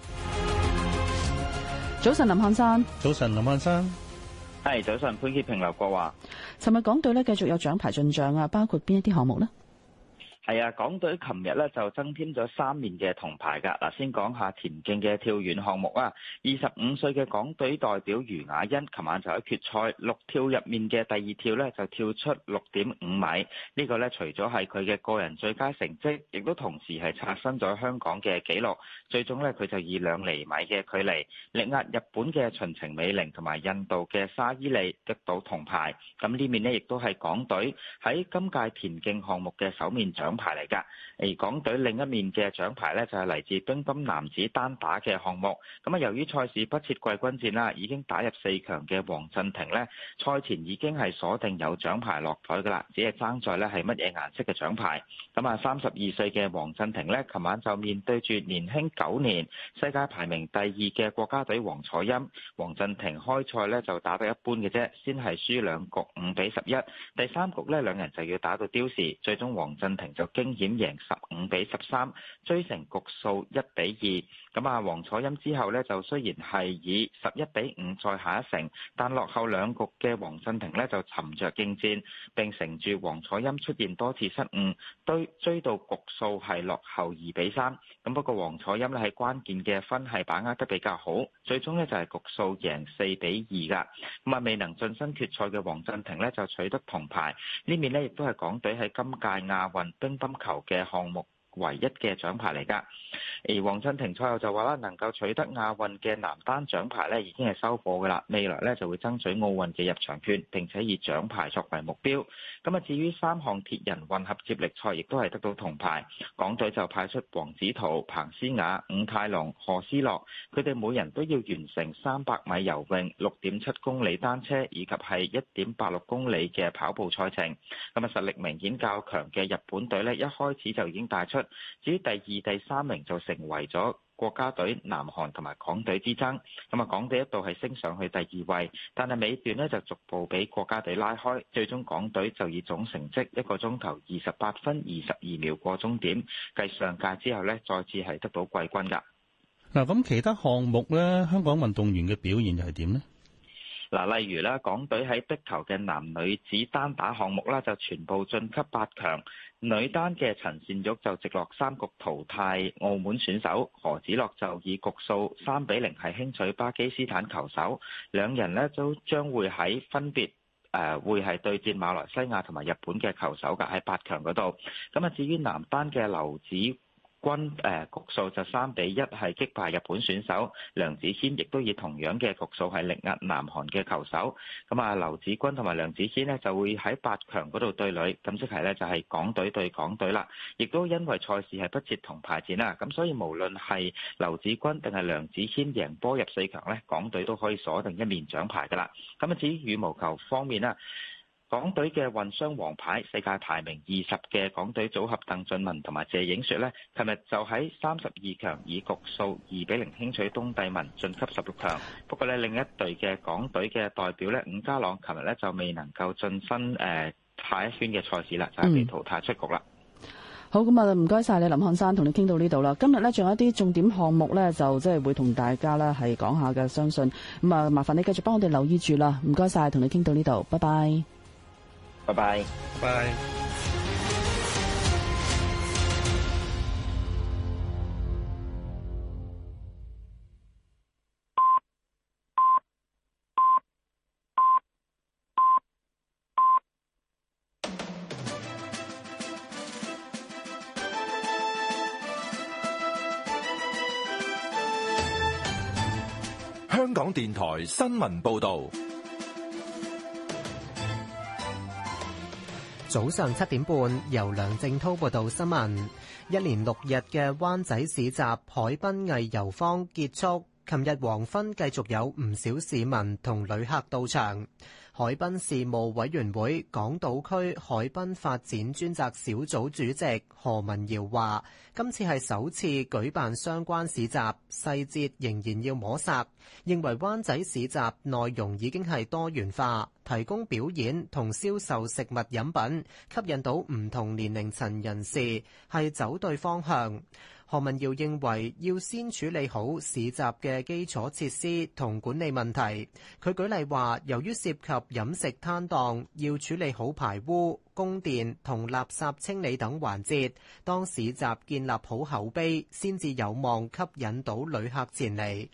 早晨，林漢山。早晨，林漢山。係，早晨，潘潔平，劉國華。尋日港隊咧繼續有獎牌進賬啊，包括邊一啲項目呢？係啊，港隊琴日呢就增添咗三面嘅銅牌噶。嗱，先講下田徑嘅跳遠項目啊，二十五歲嘅港隊代表余雅欣，琴晚就喺決賽六跳入面嘅第二跳呢，就跳出六點五米，呢、呢個呢，除咗係佢嘅個人最佳成績，亦都同時係刷新咗香港嘅紀錄。最終呢，佢就以兩厘米嘅距離力壓日本嘅秦程美玲同埋印度嘅沙伊利得到銅牌。咁呢面呢，亦都係港隊喺今屆田徑項目嘅首面獎牌嚟噶，而港隊另一面嘅獎牌呢，就係嚟自乒乓男子單打嘅項目。咁啊，由於賽事不設季軍戰啦，已經打入四強嘅黃鎮廷呢，賽前已經係鎖定有獎牌落台噶啦，只係爭在呢係乜嘢顏色嘅獎牌。咁啊，三十二歲嘅黃鎮廷呢，琴晚就面對住年輕九年、世界排名第二嘅國家隊王楚欽。黃鎮廷開賽呢，就打得一般嘅啫，先係輸兩局，五比十一。第三局呢，兩人就要打到刁時，最終黃鎮廷，有驚險贏十五比十三，追成局數一比二。咁啊，王楚欽之後呢，就雖然係以十一比五再下一城，但落後兩局嘅黃鎮廷呢，就沉着競戰，並乘住王楚欽出現多次失誤，追追到局數係落後二比三。咁不過王楚欽呢，喺關鍵嘅分係把握得比較好，最終呢，就係局數贏四比二噶。咁啊，未能晉身決賽嘅黃鎮廷呢，就取得銅牌。呢面呢，亦都係港隊喺今屆亞運。乒乓球嘅項目。 唯一嘅獎牌嚟噶，而黃鎮廷賽後就話啦，能夠取得亞運嘅男單獎牌呢已經係收貨噶啦。未來呢就會爭取奧運嘅入場券，並且以獎牌作為目標。咁啊，至於三項鐵人混合接力賽，亦都係得到銅牌。港隊就派出黃子圖、彭思雅、伍泰龍、何思樂，佢哋每人都要完成三百米游泳、六點七公里單車以及係一點八六公里嘅跑步賽程。咁啊，實力明顯較強嘅日本隊呢，一開始就已經帶出。至於第二、第三名就成為咗國家隊，南韓同埋港隊之爭，咁啊，港隊一度係升上去第二位，但係尾段呢就逐步俾國家隊拉開，最終港隊就以總成績一個鐘頭二十八分二十二秒過終點，繼上屆之後呢再次係得到季軍噶。嗱，咁其他項目呢，香港運動員嘅表現又係點呢？嗱，例如啦，港隊喺壁球嘅男女子單打項目啦，就全部晉級八強。女單嘅陳善玉就直落三局淘汰澳門選手何子樂，就以局數三比零係輕取巴基斯坦球手，兩人呢都將會喺分別誒、呃、會係對戰馬來西亞同埋日本嘅球手噶，喺八強嗰度。咁啊，至於男單嘅劉子。均誒局數就三比一，係擊敗日本選手梁子謙，亦都以同樣嘅局數係力壓南韓嘅球手。咁啊，劉子君同埋梁子謙呢就會喺八強嗰度對壘，咁即係呢就係港隊對港隊啦。亦都因為賽事係不設銅牌戰啦，咁所以無論係劉子君定係梁子謙贏波入四強呢，港隊都可以鎖定一面獎牌噶啦。咁至於羽毛球方面啦。港隊嘅混雙，黃牌世界排名二十嘅港隊組合鄧俊文同埋謝影雪呢琴日就喺三十二強以局數二比零輕取東帝汶晉級十六強。不過呢，另一隊嘅港隊嘅代表呢，伍家朗，琴日呢就未能夠晉身誒、呃、下一圈嘅賽事啦，就係，被淘汰出局啦。嗯、好，咁啊唔該晒你林漢生，同你傾到呢度啦。今日呢，仲有一啲重點項目呢，就即係會同大家咧係講下嘅，相信咁啊麻煩你繼續幫我哋留意住啦。唔該晒，同你傾到呢度，拜拜。拜拜。拜。香港電台新聞報道。早上七點半，由梁正滔報道新聞。一連六日嘅灣仔市集海濱藝遊坊結束，尋日黃昏繼續有唔少市民同旅客到場。海濱事務委員會港島區海濱發展專責小組主席何文堯話，今次係首次舉辦相關市集，細節仍然要摸索。認為灣仔市集內容已經係多元化，提供表演同銷售食物飲品，吸引到唔同年齡層人士，係走對方向。何文耀認為要先處理好市集嘅基礎設施同管理問題。佢舉例話，由於涉及飲食攤檔，要處理好排污、供電同垃圾清理等環節，當市集建立好口碑，先至有望吸引到旅客前嚟。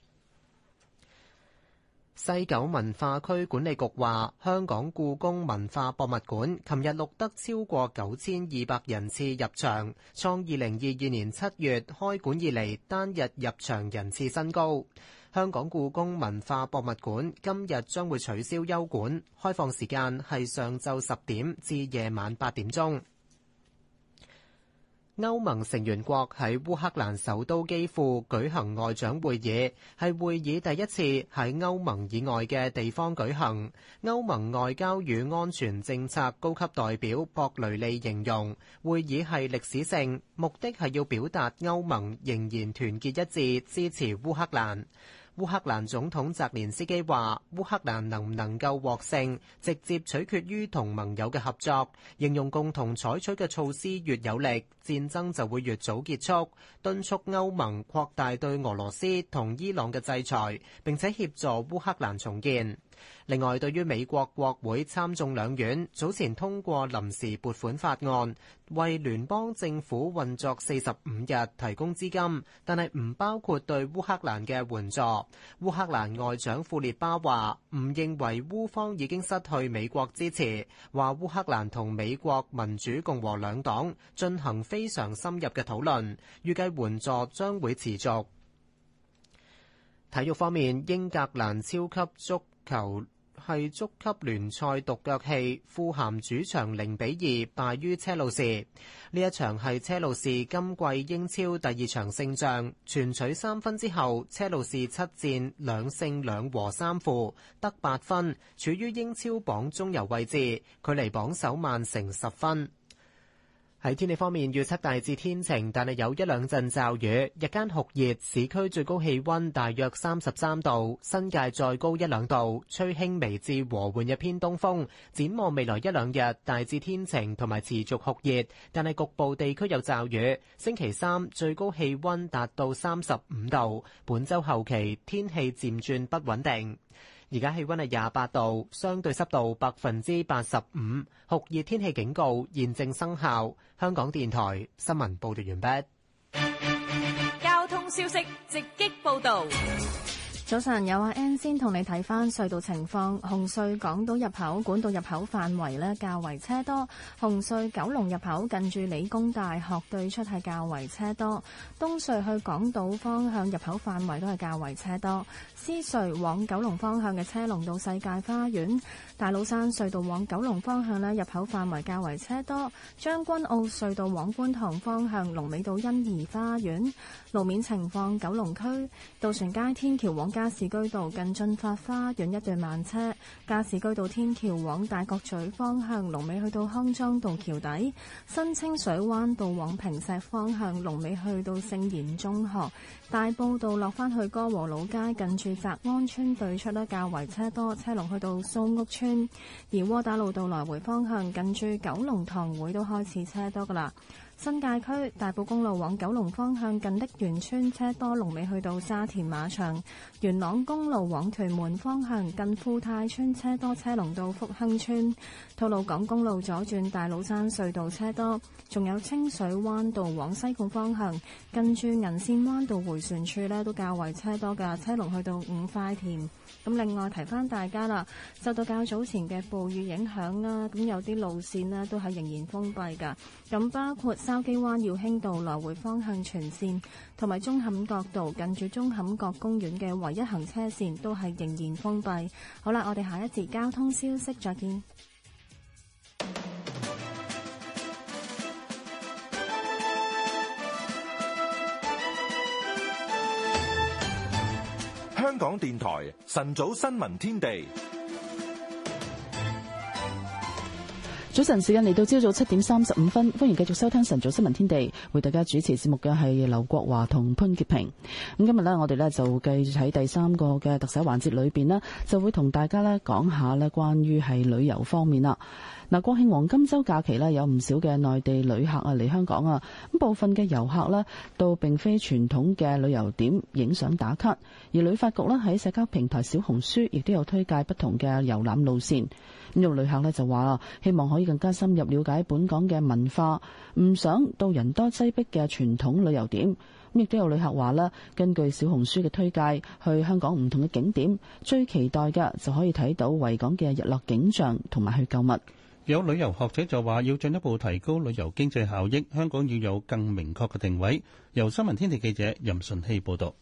西九文化區管理局話，香港故宮文化博物館琴日錄得超過九千二百人次入場，創二零二二年七月開館以嚟單日入場人次新高。香港故宮文化博物館今日將會取消休館，開放時間係上晝十點至夜晚八點鐘。歐盟成員國喺烏克蘭首都基輔舉行外長會議，係會議第一次喺歐盟以外嘅地方舉行。歐盟外交與安全政策高級代表博雷利形容會議係歷史性，目的係要表達歐盟仍然團結一致支持烏克蘭。烏克蘭總統澤連斯基話：烏克蘭能唔能夠獲勝，直接取決於同盟友嘅合作。應用共同採取嘅措施越有力，戰爭就會越早結束。敦促歐盟擴大對俄羅斯同伊朗嘅制裁，並且協助烏克蘭重建。另外，對於美國國會參眾兩院早前通過臨時撥款法案，為聯邦政府運作四十五日提供資金，但係唔包括對烏克蘭嘅援助。烏克蘭外長庫列巴話，唔認為烏方已經失去美國支持，話烏克蘭同美國民主共和兩黨進行非常深入嘅討論，預計援助將會持續。體育方面，英格蘭超級足球係足級聯賽獨腳戲，富咸主場零比二敗於車路士。呢一場係車路士今季英超第二場勝仗，全取三分之後，車路士七戰兩勝兩和三負，得八分，處於英超榜中游位置，距離榜首曼城十分。喺天氣方面，預測大致天晴，但係有一兩陣驟雨。日間酷熱，市區最高氣溫大約三十三度，新界再高一兩度，吹輕微至和緩嘅偏東風。展望未來一兩日，大致天晴同埋持續酷熱，但係局部地區有驟雨。星期三最高氣溫達到三十五度。本週後期天氣漸轉不穩定。而家氣溫係廿八度，相對濕度百分之八十五，酷熱天氣警告現正生效。香港電台新聞報道完畢。交通消息直擊報道。早晨，有阿、啊、N 先同你睇翻隧道情況。紅隧港島入口管道入口範圍呢，較為車多，紅隧九龍入口近住理工大學對出係較為車多，東隧去港島方向入口範圍都係較為車多，獅隧往九龍方向嘅車龍到世界花園。大老山隧道往九龍方向咧入口範圍較為車多，將軍澳隧道往觀塘方向龍尾到欣怡花園路面情況。九龍區渡船街天橋往加士居道近駿發花園一段慢車，加士居道天橋往大角咀方向龍尾去到康莊道橋底，新清水灣道往坪石方向龍尾去到聖賢中學，大埔道落翻去歌和老街近住澤安村對出咧較為車多，車龍去到蘇屋村。而窩打老道來回方向，近住九龍塘會都開始車多㗎喇。新界區大埔公路往九龍方向近大元邨車多，龍尾去到沙田馬場；元朗公路往屯門方向近富泰村車多，車龍到福亨村。吐露港公路左轉大老山隧道車多，仲有清水灣道往西貢方向近住銀線灣道迴旋處呢都較為車多㗎，車龍去到五塊田。咁另外提返大家啦，受到較早前嘅暴雨影響啦，咁有啲路線呢都係仍然封閉㗎。咁包括筲箕灣耀興道來回方向全線，同埋舂坎角道近住舂坎角公園嘅唯一行車線都係仍然封閉。好啦，我哋下一節交通消息再見。香港電台晨早新聞天地。早晨，時間嚟到朝早七點三十五分，歡迎繼續收聽晨早新聞天地，為大家主持節目嘅係劉國華同潘潔平。咁今日呢，我哋呢就繼續喺第三個嘅特首環節裏邊呢，就會同大家呢講下呢關於係旅遊方面啦。嗱，國慶黃金周假期呢，有唔少嘅內地旅客啊嚟香港啊，咁部分嘅遊客呢，都並非傳統嘅旅遊點影相打卡，而旅發局呢，喺社交平台小紅書亦都有推介不同嘅遊覽路線。呢個旅客咧就話啦，希望可以更加深入了解本港嘅文化，唔想到人多擠迫嘅傳統旅遊點。咁亦都有旅客話啦，根據小紅書嘅推介，去香港唔同嘅景點，最期待嘅就可以睇到維港嘅日落景象，同埋去購物。有旅遊學者就話，要進一步提高旅遊經濟效益，香港要有更明確嘅定位。由新聞天地記者任順希報道。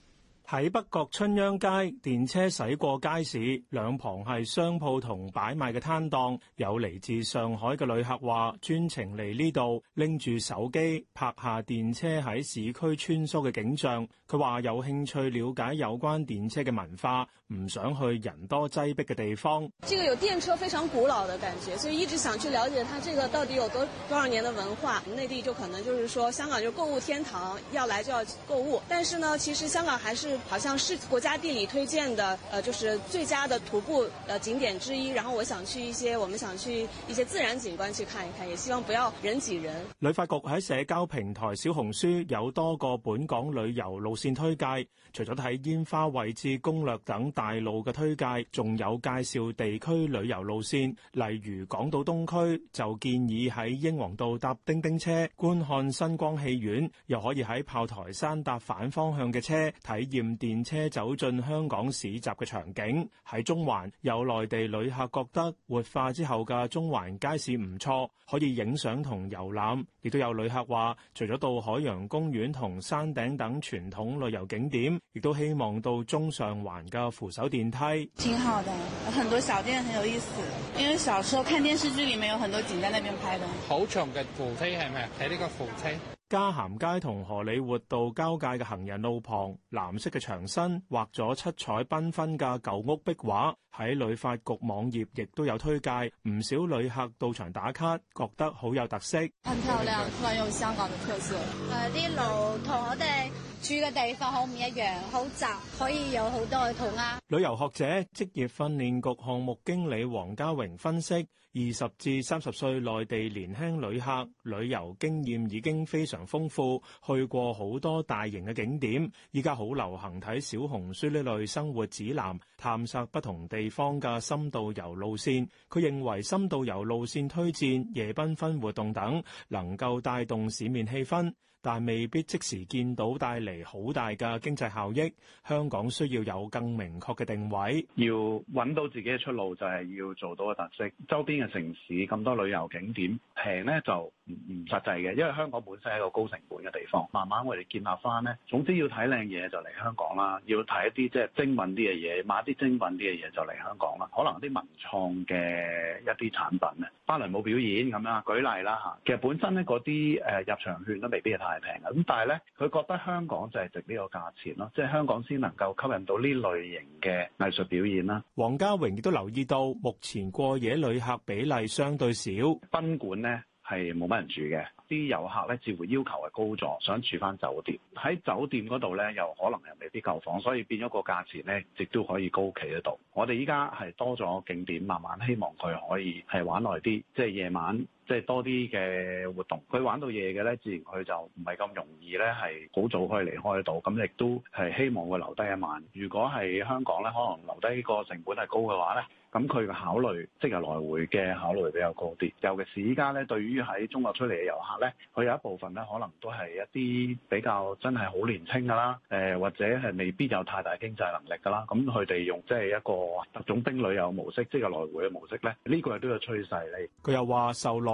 喺北角春秧街，電車駛過街市，兩旁係商鋪同擺賣嘅攤檔。有嚟自上海嘅旅客話，專程嚟呢度拎住手機拍下電車喺市區穿梭嘅景象。佢話有興趣了解有關電車嘅文化，唔想去人多擠逼嘅地方。這個有電車非常古老的感覺，所以一直想去了解它。這個到底有多多少年的文化？內地就可能就是說，香港就購物天堂，要來就要購物。但是呢，其實香港還是。好像是國家地理推薦的，呃，就是最佳的徒步呃景點之一。然後我想去一些，我們想去一些自然景觀去看一看，也希望不要人擠人。旅發局喺社交平台小紅書有多個本港旅遊路線推介，除咗睇煙花位置攻略等大路嘅推介，仲有介紹地區旅遊路線，例如港島東區就建議喺英皇道搭叮叮車觀看新光戲院，又可以喺炮台山搭反方向嘅車體驗。電車走進香港市集嘅場景，喺中環有內地旅客覺得活化之後嘅中環街市唔錯，可以影相同遊覽，亦都有旅客話，除咗到海洋公園同山頂等傳統旅遊景點，亦都希望到中上環嘅扶手電梯。挺好的，有很多小店很有意思，因為小時候看電視劇裏面有很多景在那邊拍的。好長嘅扶梯係咪？喺呢個扶梯。嘉咸街同荷里活道交界嘅行人路旁，藍色嘅牆身畫咗七彩繽紛嘅舊屋壁畫，喺旅發局網頁亦都有推介。唔少旅客到場打卡，覺得好有特色。很漂亮，很、嗯、有香港嘅特色。誒、呃，呢度同我哋住嘅地方好唔一樣，好窄，可以有好多嘅塗鴉。旅遊學者、職業訓練局項目經理黃家榮分析。二十至三十歲內地年輕旅客，旅遊經驗已經非常豐富，去過好多大型嘅景點。依家好流行睇小紅書呢類生活指南，探索不同地方嘅深度遊路線。佢認為深度遊路線推薦夜繽紛活動等，能夠帶動市面氣氛。但未必即時見到帶嚟好大嘅經濟效益。香港需要有更明確嘅定位，要揾到自己嘅出路就係要做到嘅特色。周邊嘅城市咁多旅遊景點，平呢就唔唔實際嘅，因為香港本身係一個高成本嘅地方。慢慢我哋建立翻呢，總之要睇靚嘢就嚟香港啦，要睇一啲即係精品啲嘅嘢，買啲精品啲嘅嘢就嚟香港啦。可能啲文創嘅一啲產品啊，芭蕾舞表演咁啦，舉例啦嚇。其實本身呢嗰啲誒入場券都未必係太平咁但係咧，佢覺得香港就係值呢個價錢咯，即係香港先能夠吸引到呢類型嘅藝術表演啦。黃家榮亦都留意到，目前過夜旅客比例相對少，賓館咧係冇乜人住嘅。啲遊客咧似乎要求係高咗，想住翻酒店。喺酒店嗰度咧，又可能又未必夠房，所以變咗個價錢咧，亦都可以高企喺度。我哋依家係多咗景點，慢慢希望佢可以係玩耐啲，即係夜晚。即係多啲嘅活動，佢玩到夜嘅呢，自然佢就唔係咁容易呢。係好早可以離開到，咁亦都係希望會留低一晚。如果係香港呢，可能留低個成本係高嘅話呢，咁佢嘅考慮即係、就是、來回嘅考慮比較高啲。尤其是而家呢，對於喺中國出嚟嘅遊客呢，佢有一部分呢，可能都係一啲比較真係好年輕噶啦，誒或者係未必有太大經濟能力噶啦，咁佢哋用即係、就是、一個特種兵旅遊模式，即、就、係、是、來回嘅模式呢，呢、這個亦都有趨勢嚟。佢又話受落。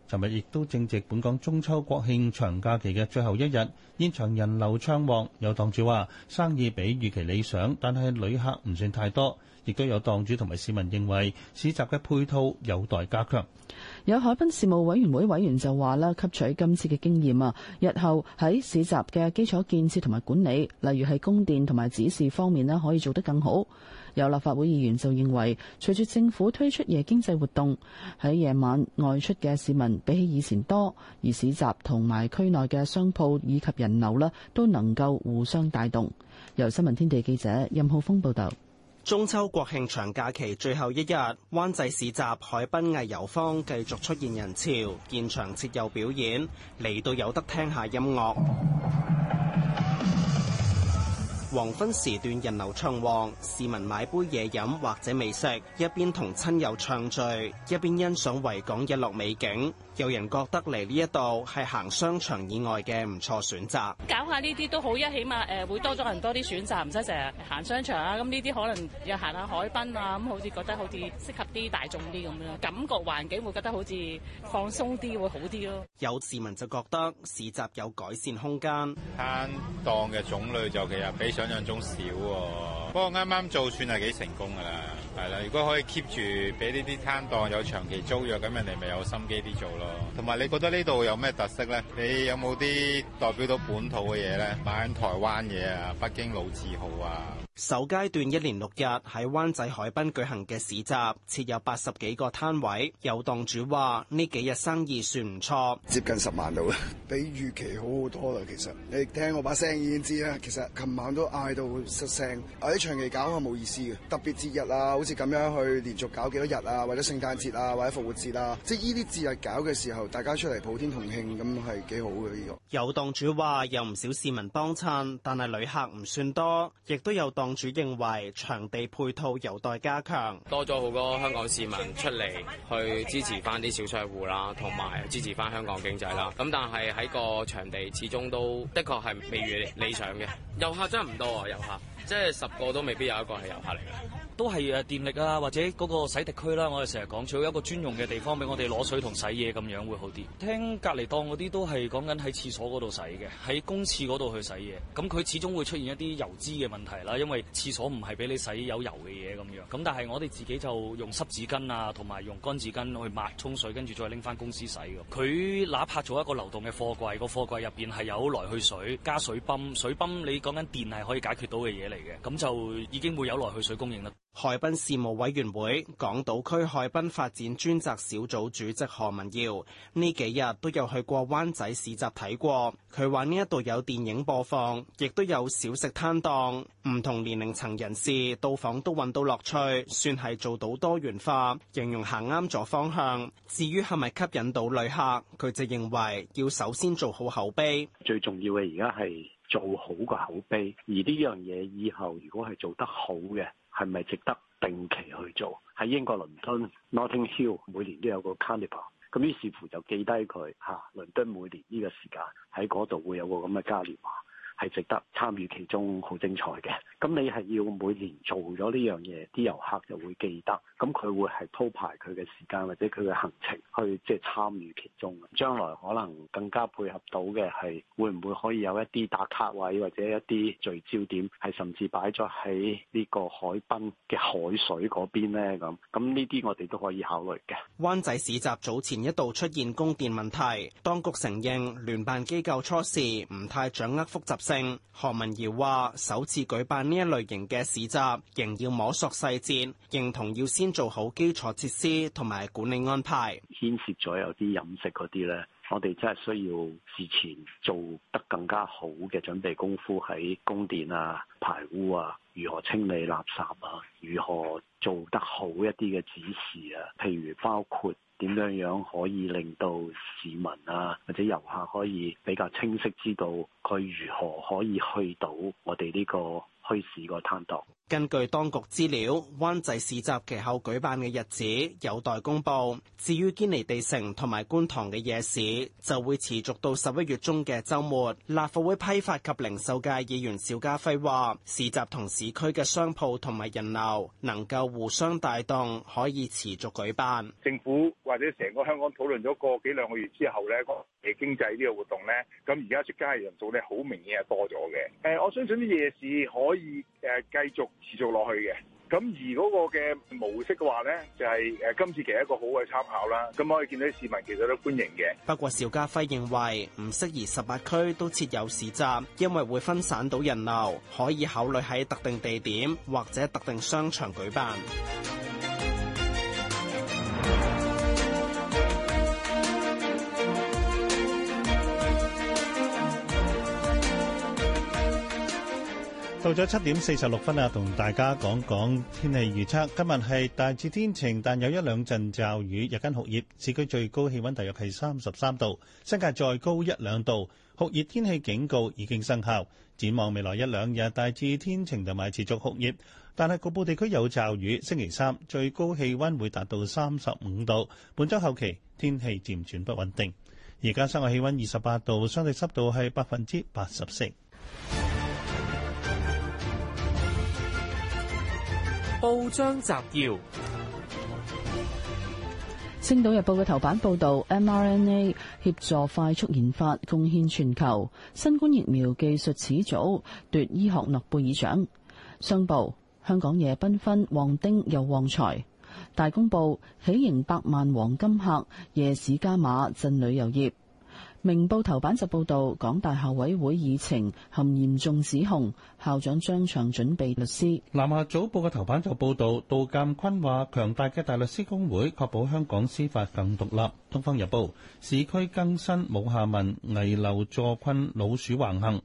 尋日亦都正值本港中秋國慶長假期嘅最後一日，現場人流暢旺。有檔主話生意比預期理想，但係旅客唔算太多。亦都有檔主同埋市民認為市集嘅配套有待加強。有海濱事務委員會委員就話啦，吸取今次嘅經驗啊，日後喺市集嘅基礎建設同埋管理，例如係供電同埋指示方面呢，可以做得更好。有立法會議員就認為，隨住政府推出夜經濟活動，喺夜晚外出嘅市民比起以前多，而市集同埋區內嘅商鋪以及人流啦，都能夠互相帶動。由新聞天地記者任浩峰報道。中秋國慶長假期最後一日，灣仔市集海濱藝遊坊繼續出現人潮，現場設有表演，嚟到有得聽下音樂。黃昏時段人流暢旺，市民買杯嘢飲或者美食，一邊同親友暢聚，一邊欣賞維港日落美景。有人覺得嚟呢一度係行商場以外嘅唔錯選擇，搞下呢啲都好，一起碼誒會多咗人多啲選擇，唔使成日行商場啊。咁呢啲可能又行下海濱啊，咁好似覺得好似適合啲大眾啲咁樣，感覺環境會覺得好似放鬆啲，會好啲咯。有市民就覺得市集有改善空間，攤檔嘅種類就其實比想象中少。不過啱啱做算係幾成功噶啦，係啦。如果可以 keep 住俾呢啲攤檔有長期租約，咁人哋咪有心機啲做。同埋，你覺得呢度有咩特色呢？你有冇啲代表到本土嘅嘢呢？買緊台灣嘢啊，北京老字號啊。首階段一連六日喺灣仔海濱舉行嘅市集，設有八十幾個攤位。有檔主話：呢幾日生意算唔錯，接近十萬度，比預期好好多啦。其實你聽我把聲已經知啦。其實琴晚都嗌到失聲，我喺長期搞係冇意思嘅。特別節日啊，好似咁樣去連續搞幾多日啊，或者聖誕節啊，或者復活節啊，即係呢啲節日搞嘅時候，大家出嚟普天同慶咁係幾好嘅呢個。有檔主話有唔少市民幫襯，但係旅客唔算多，亦都有。檔主認為場地配套有待加強，多咗好多香港市民出嚟去支持翻啲小商戶啦，同埋支持翻香港經濟啦。咁但係喺個場地始終都的確係未如理想嘅。遊客真係唔多，遊客即係十個都未必有一個係遊客嚟嘅。都係誒電力啊，或者嗰個洗滌區啦，我哋成日講，最好有一個專用嘅地方俾我哋攞水同洗嘢咁樣會好啲。聽隔離檔嗰啲都係講緊喺廁所嗰度洗嘅，喺公廁嗰度去洗嘢。咁佢始終會出現一啲油脂嘅問題啦，因為廁所唔係俾你洗有油嘅嘢咁樣。咁但係我哋自己就用濕紙巾啊，同埋用乾紙巾去抹沖水，跟住再拎翻公司洗嘅。佢哪怕做一個流動嘅貨櫃，個貨櫃入邊係有來去水、加水泵、水泵。你講緊電係可以解決到嘅嘢嚟嘅，咁就已經會有來去水供應啦。海濱事務委員會港島區海濱發展專責小組主席何文耀呢幾日都有去過灣仔市集睇過。佢話呢一度有電影播放，亦都有小食攤檔，唔同年齡層人士到訪都搵到樂趣，算係做到多元化，形容行啱咗方向。至於係咪吸引到旅客，佢就認為要首先做好口碑。最重要嘅而家係做好個口碑，而呢樣嘢以後如果係做得好嘅。係咪值得定期去做？喺英國倫敦 Notting Hill 每年都有個 Carnival，咁於是乎就記低佢嚇。倫敦每年呢個時間喺嗰度會有個咁嘅嘉年華。係值得參與其中，好精彩嘅。咁你係要每年做咗呢樣嘢，啲遊客就會記得。咁佢會係鋪排佢嘅時間或者佢嘅行程去即係、就是、參與其中。將來可能更加配合到嘅係，會唔會可以有一啲打卡位或者一啲聚焦點，係甚至擺咗喺呢個海濱嘅海水嗰邊呢？咁咁呢啲我哋都可以考慮嘅。灣仔市集早前一度出現供電問題，當局承認聯辦機構初時唔太掌握複雜性。何文堯話：首次舉辦呢一類型嘅市集，仍要摸索細節，認同要先做好基礎設施同埋管理安排。牽涉咗有啲飲食嗰啲咧，我哋真係需要事前做得更加好嘅準備功夫，喺供電啊、排污啊、如何清理垃垃圾啊、如何做得好一啲嘅指示啊，譬如包括。點樣樣可以令到市民啊，或者遊客可以比較清晰知道佢如何可以去到我哋呢個墟市個攤檔。根據當局資料，灣仔市集其後舉辦嘅日子有待公佈。至於堅尼地城同埋觀塘嘅夜市，就會持續到十一月中嘅週末。立法會批發及零售界議員邵家輝話：市集同市區嘅商鋪同埋人流能夠互相帶動，可以持續舉辦。政府或者成個香港討論咗個幾兩個月之後咧，嘅經濟呢個活動呢，咁而家出街嘅人數咧，好明顯係多咗嘅。誒，我相信啲夜市可以誒繼續。持續落去嘅，咁而嗰個嘅模式嘅話呢，就係、是、誒今次其實一個好嘅參考啦。咁可以見到市民其實都歡迎嘅。不過，邵家輝認為唔適宜十八區都設有市集，因為會分散到人流，可以考慮喺特定地點或者特定商場舉辦。到咗七點四十六分啊，同大家講講天氣預測。今日係大致天晴，但有一兩陣驟雨，日間酷熱。市區最高氣温大約係三十三度，新界再高一兩度。酷熱天氣警告已經生效。展望未來一兩日，大致天晴同埋持續酷熱，但係局部地區有驟雨。星期三最高氣温會達到三十五度。本周後期天氣漸轉不穩定。而家室外氣温二十八度，相對濕度係百分之八十四。報章摘要：《星島日報》嘅頭版報道，mRNA 協助快速研發，貢獻全球新冠疫苗技術始祖，奪醫學諾貝爾獎。商報：香港夜繽紛，旺丁又旺財。大公報：喜迎百萬黃金客，夜市加碼振旅遊業。明報頭版就報道，港大校委會議程含嚴重指控，校長張翔準備律師。南華早報嘅頭版就報道，杜淦堃話：強大嘅大律師公會確保香港司法更獨立。東方日報市區更新冇下文，危樓助困老鼠橫行。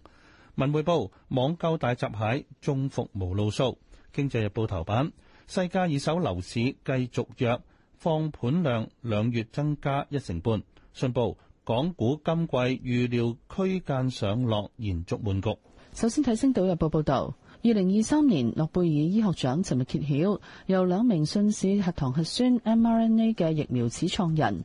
文匯報網購大閘蟹中服無路數。經濟日報頭版世界二手樓市繼續弱，放盤量兩月增加一成半。信報。港股今季預料區間上落延續悶局。首先睇《星島日報》報道，二零二三年諾貝爾醫學獎尋日揭曉，由兩名信使核糖核酸 mRNA 嘅疫苗始創人，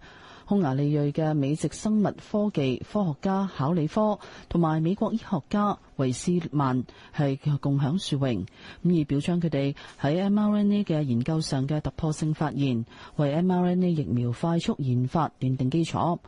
匈牙利裔嘅美籍生物科技科學家考里科同埋美國醫學家維斯曼係共享殊榮，咁以表彰佢哋喺 mRNA 嘅研究上嘅突破性發現，為 mRNA 疫苗快速研發奠定基礎。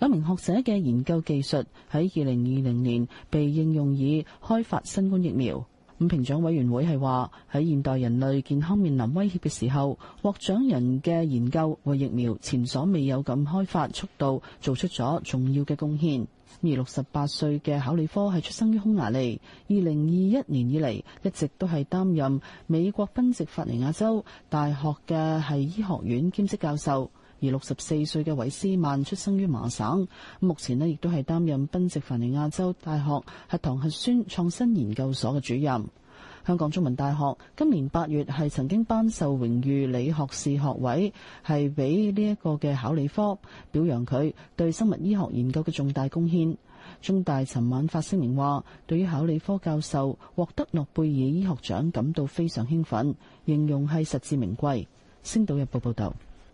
兩名學者嘅研究技術喺二零二零年被應用以開發新冠疫苗。咁評獎委員會係話喺現代人類健康面臨威脅嘅時候，獲獎人嘅研究為疫苗前所未有咁開發速度做出咗重要嘅貢獻。而六十八歲嘅考利科係出生於匈牙利，二零二一年以嚟一直都係擔任美國賓夕法尼亞州大學嘅係醫學院兼職教授。而六十四歲嘅韋斯曼出生於麻省，目前呢亦都係擔任賓夕凡尼亞州大學核糖核酸創新研究所嘅主任。香港中文大學今年八月係曾經頒授榮譽理學士學位，係俾呢一個嘅考理科表揚佢對生物醫學研究嘅重大貢獻。中大尋晚發聲明話，對於考理科教授獲得諾貝爾醫學獎感到非常興奮，形容係實至名歸。星島日報報道。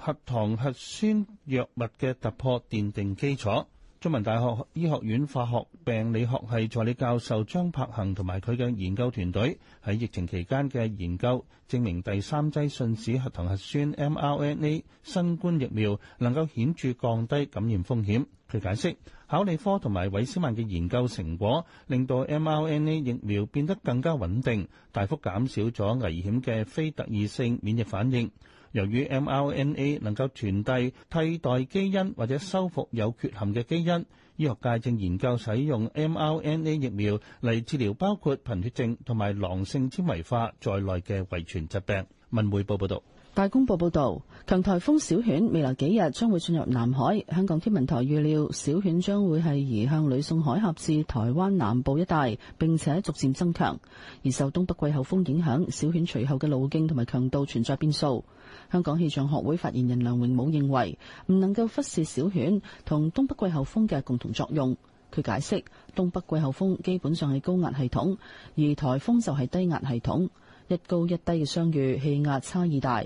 核糖核酸藥物嘅突破奠定基礎。中文大學醫學院化學病理學系助理教授張柏恒同埋佢嘅研究團隊喺疫情期間嘅研究，證明第三劑信使核糖核酸 mRNA 新冠疫苗能夠顯著降低感染風險。佢解釋，考利科同埋韋斯曼嘅研究成果，令到 mRNA 疫苗變得更加穩定，大幅減少咗危險嘅非特異性免疫反應。由於 mRNA 能夠傳遞替代基因或者修復有缺陷嘅基因，醫學界正研究使用 mRNA 疫苗嚟治療包括貧血症同埋囊性纖維化在內嘅遺傳疾病。文匯報報道：「大公報報道，強颱風小犬未來幾日將會進入南海。香港天文台預料，小犬將會係移向呂宋海峽至台灣南部一帶，並且逐漸增強。而受東北季候風影響，小犬隨後嘅路徑同埋強度存在變數。香港氣象學會發言人梁永武認為，唔能夠忽視小犬同東北季候風嘅共同作用。佢解釋，東北季候風基本上係高壓系統，而台風就係低壓系統，一高一低嘅相遇，氣壓差異大，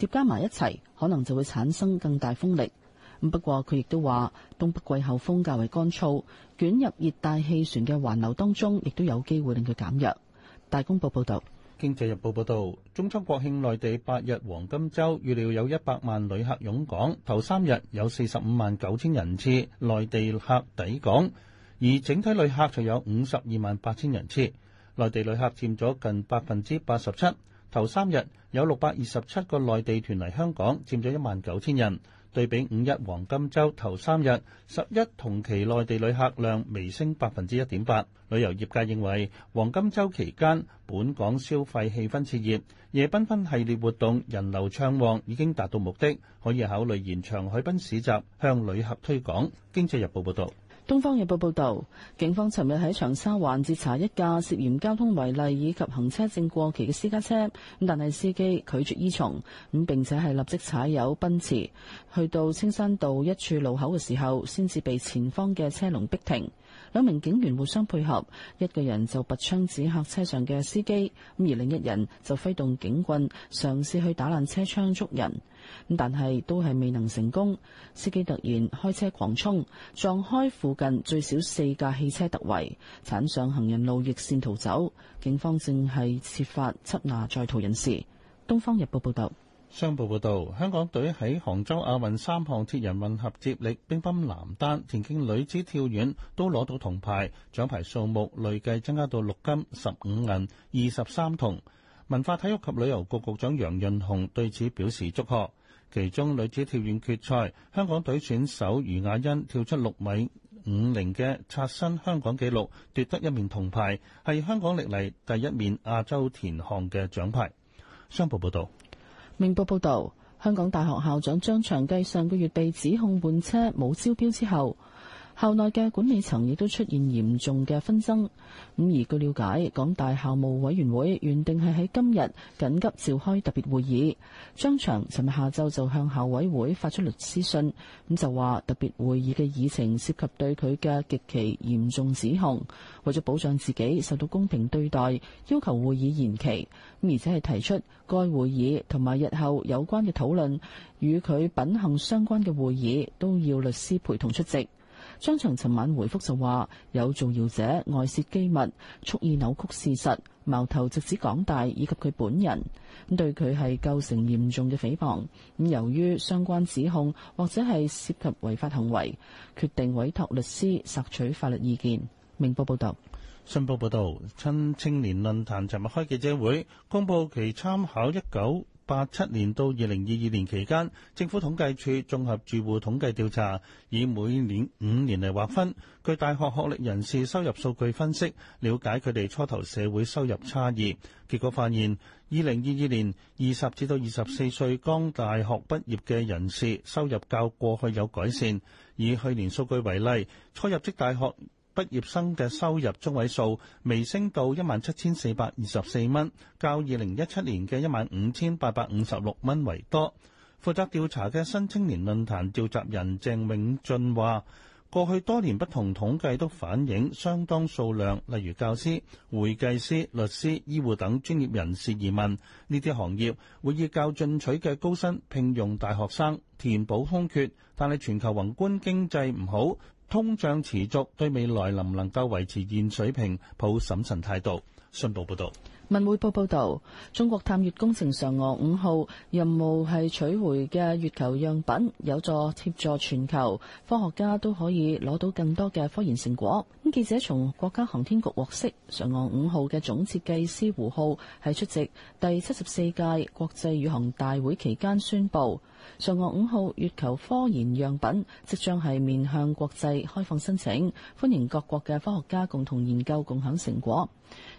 疊加埋一齊，可能就會產生更大風力。不過佢亦都話，東北季候風較為乾燥，捲入熱帶氣旋嘅環流當中，亦都有機會令佢減弱。大公報報道。經濟日報報道，中秋國慶內地八日黃金周預料有一百萬旅客湧港，頭三日有四十五萬九千人次內地客抵港，而整體旅客就有五十二萬八千人次，內地旅客佔咗近百分之八十七，頭三日有六百二十七個內地團嚟香港，佔咗一萬九千人。對比五一黃金週頭三日，十一同期內地旅客量微升百分之一點八。旅遊業界認為黃金週期間本港消費氣氛熾熱，夜繽紛系列活動人流暢旺，已經達到目的，可以考慮延長海濱市集向旅客推廣。經濟日報報導。東方日報報道，警方尋日喺長沙灣截查一架涉嫌交通違例以及行車證過期嘅私家車，但係司機拒絕依從，咁並且係立即踩油奔馳，去到青山道一處路口嘅時候，先至被前方嘅車龍逼停。兩名警員互相配合，一個人就拔槍指嚇車上嘅司機，咁而另一人就揮動警棍嘗試去打爛車窗捉人。咁但係都係未能成功，司機突然開車狂衝，撞開附近最少四架汽車突圍，鏟上行人路逆線逃走。警方正係設法緝拿在逃人士。東方日報報道，商報報道，香港隊喺杭州亞運三項鐵人混合接力、乒乓男單、田徑女子跳遠都攞到銅牌，獎牌數目累計增加到六金、十五銀、二十三銅。文化體育及旅遊局局長楊潤雄對此表示祝賀。其中女子跳遠決賽，香港隊選手余雅欣跳出六米五零嘅刷新香港紀錄，奪得一面銅牌，係香港歷嚟第一面亞洲田項嘅獎牌。商報報道：「明報報道，香港大學校長張長繼上個月被指控換車冇招標之後。校內嘅管理層亦都出現嚴重嘅紛爭，咁而據了解，港大校務委員會原定係喺今日緊急召開特別會議。張翔尋日下晝就向校委會發出律師信，咁就話特別會議嘅議程涉及對佢嘅極其嚴重指控，為咗保障自己受到公平對待，要求會議延期，而且係提出該會議同埋日後有關嘅討論，與佢品行相關嘅會議都要律師陪同出席。商場尋晚回覆就話有造謠者外洩機密，蓄意扭曲事實，矛頭直指港大以及佢本人。咁對佢係構成嚴重嘅誹謗。咁由於相關指控或者係涉及違法行為，決定委託律師索取法律意見。明報報道，新報報道，親青年論壇尋日開記者會公布其參考一九八七年到二零二二年期間，政府統計處綜合住戶統計調查，以每年五年嚟劃分，據大學學歷人士收入數據分析，了解佢哋初頭社會收入差異。結果發現，二零二二年二十至到二十四歲剛大學畢業嘅人士收入較過去有改善。以去年數據為例，初入職大學畢業生嘅收入中位數微升到一萬七千四百二十四蚊，較二零一七年嘅一萬五千八百五十六蚊為多。負責調查嘅新青年論壇召集人鄭永俊話，過去多年不同統計都反映相當數量，例如教師、會計師、律師、醫護等專業人士移民。呢啲行業會以較進取嘅高薪聘用大學生填補空缺，但係全球宏觀經濟唔好。通脹持續，對未來能唔能夠維持現水平抱審慎態度。信報報道。文匯報報道，中國探月工程嫦娥五號任務係取回嘅月球樣品，有助協助全球科學家都可以攞到更多嘅科研成果。咁記者從國家航天局獲悉，嫦娥五號嘅總設計師胡浩喺出席第七十四屆國際宇航大會期間宣布，嫦娥五號月球科研樣品即將係面向國際開放申請，歡迎各國嘅科學家共同研究，共享成果。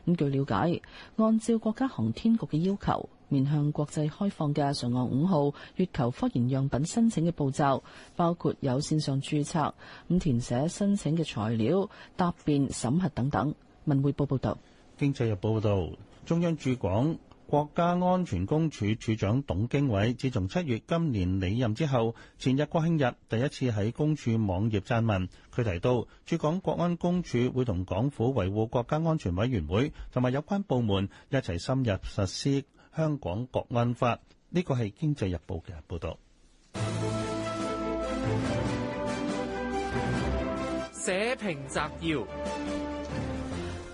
咁據了解，按照國家航天局嘅要求，面向國際開放嘅嫦娥五號月球科研樣品申請嘅步驟，包括有線上註冊，咁填寫申請嘅材料、答辯審核等等。文匯報報導，《經濟日報》報導，中央駐港國家安全公署署長董經緯自從七月今年離任之後，前日國慶日第一次喺公署網頁撰文，佢提到駐港國安公署會同港府維護國家安全委員會同埋有關部門一齊深入實施香港國安法。呢個係《經濟日報》嘅報道。社評摘要。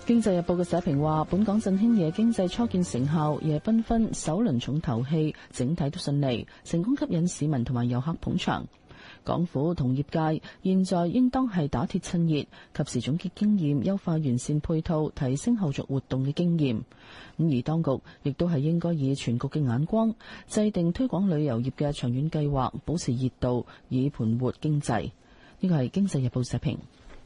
經濟日報嘅社評話：本港振興夜經濟初見成效，夜繽紛首輪重頭戲整體都順利，成功吸引市民同埋遊客捧場。港府同業界現在應當係打鐵趁熱，及時總結經驗，優化完善配套，提升後續活動嘅經驗。咁而當局亦都係應該以全局嘅眼光，制定推廣旅遊業嘅長遠計劃，保持熱度以盤活經濟。呢個係經濟日報社評。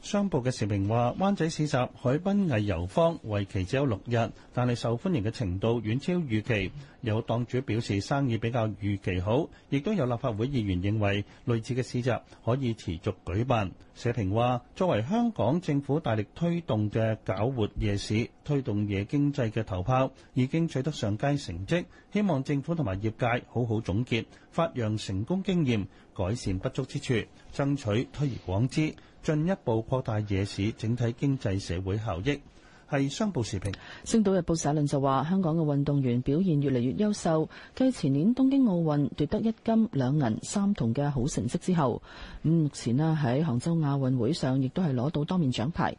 商報嘅社評話：灣仔市集海濱藝遊坊為期只有六日，但係受歡迎嘅程度遠超預期。有檔主表示生意比較預期好，亦都有立法會議員認為類似嘅市集可以持續舉辦。社評話：作為香港政府大力推動嘅搞活夜市、推動夜經濟嘅頭炮，已經取得上佳成績。希望政府同埋業界好好總結，發揚成功經驗。改善不足之處，爭取推而廣之，進一步擴大夜市整體經濟社會效益。係商報時評，《星島日報》社論就話：香港嘅運動員表現越嚟越優秀。繼前年東京奧運奪得一金兩銀三銅嘅好成績之後，咁、嗯、目前咧喺杭州亞運會上，亦都係攞到多面獎牌。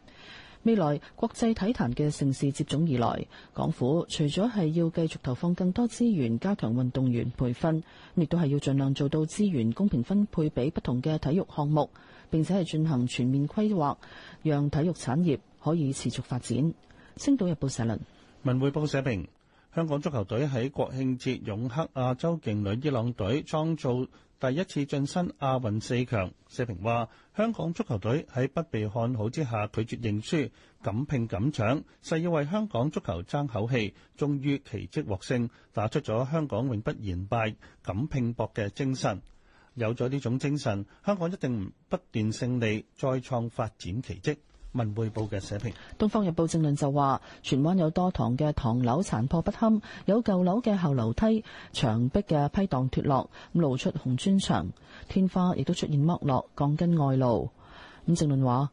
未來國際體壇嘅盛事接踵而來，港府除咗係要繼續投放更多資源加強運動員培訓，亦都係要盡量做到資源公平分配俾不同嘅體育項目，並且係進行全面規劃，讓體育產業可以持續發展。星島日報社論，文匯報社評：香港足球隊喺國慶節勇克亞洲勁旅伊朗隊，創造第一次晉身亞運四強，社評話香港足球隊喺不被看好之下拒絕認輸，敢拼敢搶，誓要為香港足球爭口氣，終於奇蹟獲勝，打出咗香港永不言敗敢拼搏嘅精神。有咗呢種精神，香港一定不斷勝利，再創發展奇蹟。文匯報嘅社評，《東方日報》正論就話，荃灣有多堂嘅唐樓殘破不堪，有舊樓嘅後樓梯牆壁嘅批蕩脱落，咁露出紅磚牆，天花亦都出現剝落、鋼筋外露。咁正論話，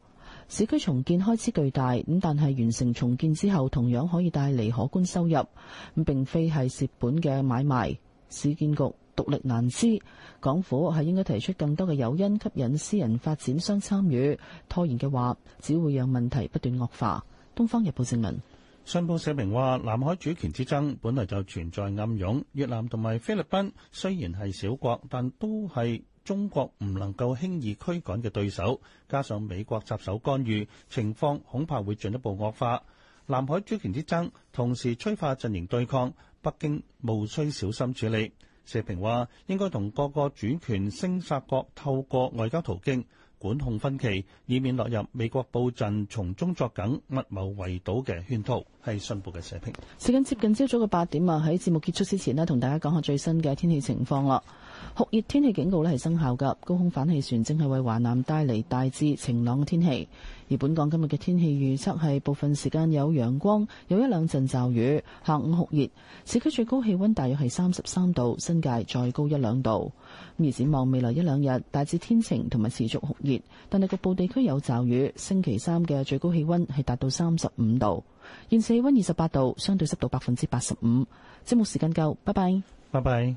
市區重建開支巨大，咁但係完成重建之後，同樣可以帶嚟，可觀收入，咁並非係蝕本嘅買賣。市建局獨力難支，港府係應該提出更多嘅誘因，吸引私人發展商參與。拖延嘅話，只會讓問題不斷惡化。《東方日報》正文，信報社明話，南海主權之爭本來就存在暗湧，越南同埋菲律賓雖然係小國，但都係中國唔能夠輕易驅趕嘅對手。加上美國插手干預，情況恐怕會進一步惡化。南海主權之爭同時催化陣營對抗，北京務需小心處理。社評話，應該同各個主權聲索國透過外交途徑管控分歧，以免落入美國布陣從中作梗、密謀圍堵嘅圈套。係信報嘅社評。時間接近朝早嘅八點啊，喺節目結束之前呢，同大家講下最新嘅天氣情況啦。酷熱天氣警告呢係生效噶，高空反氣旋正係為華南帶嚟大致晴朗嘅天氣。而本港今日嘅天氣預測係部分時間有陽光，有一兩陣驟雨，下午酷熱。市區最高氣温大約係三十三度，新界再高一兩度。而展望未來一兩日，大致天晴同埋持續酷熱，但係局部地區有驟雨。星期三嘅最高氣温係達到三十五度，現時氣温二十八度，相對濕度百分之八十五。節目時間夠，拜拜，拜拜。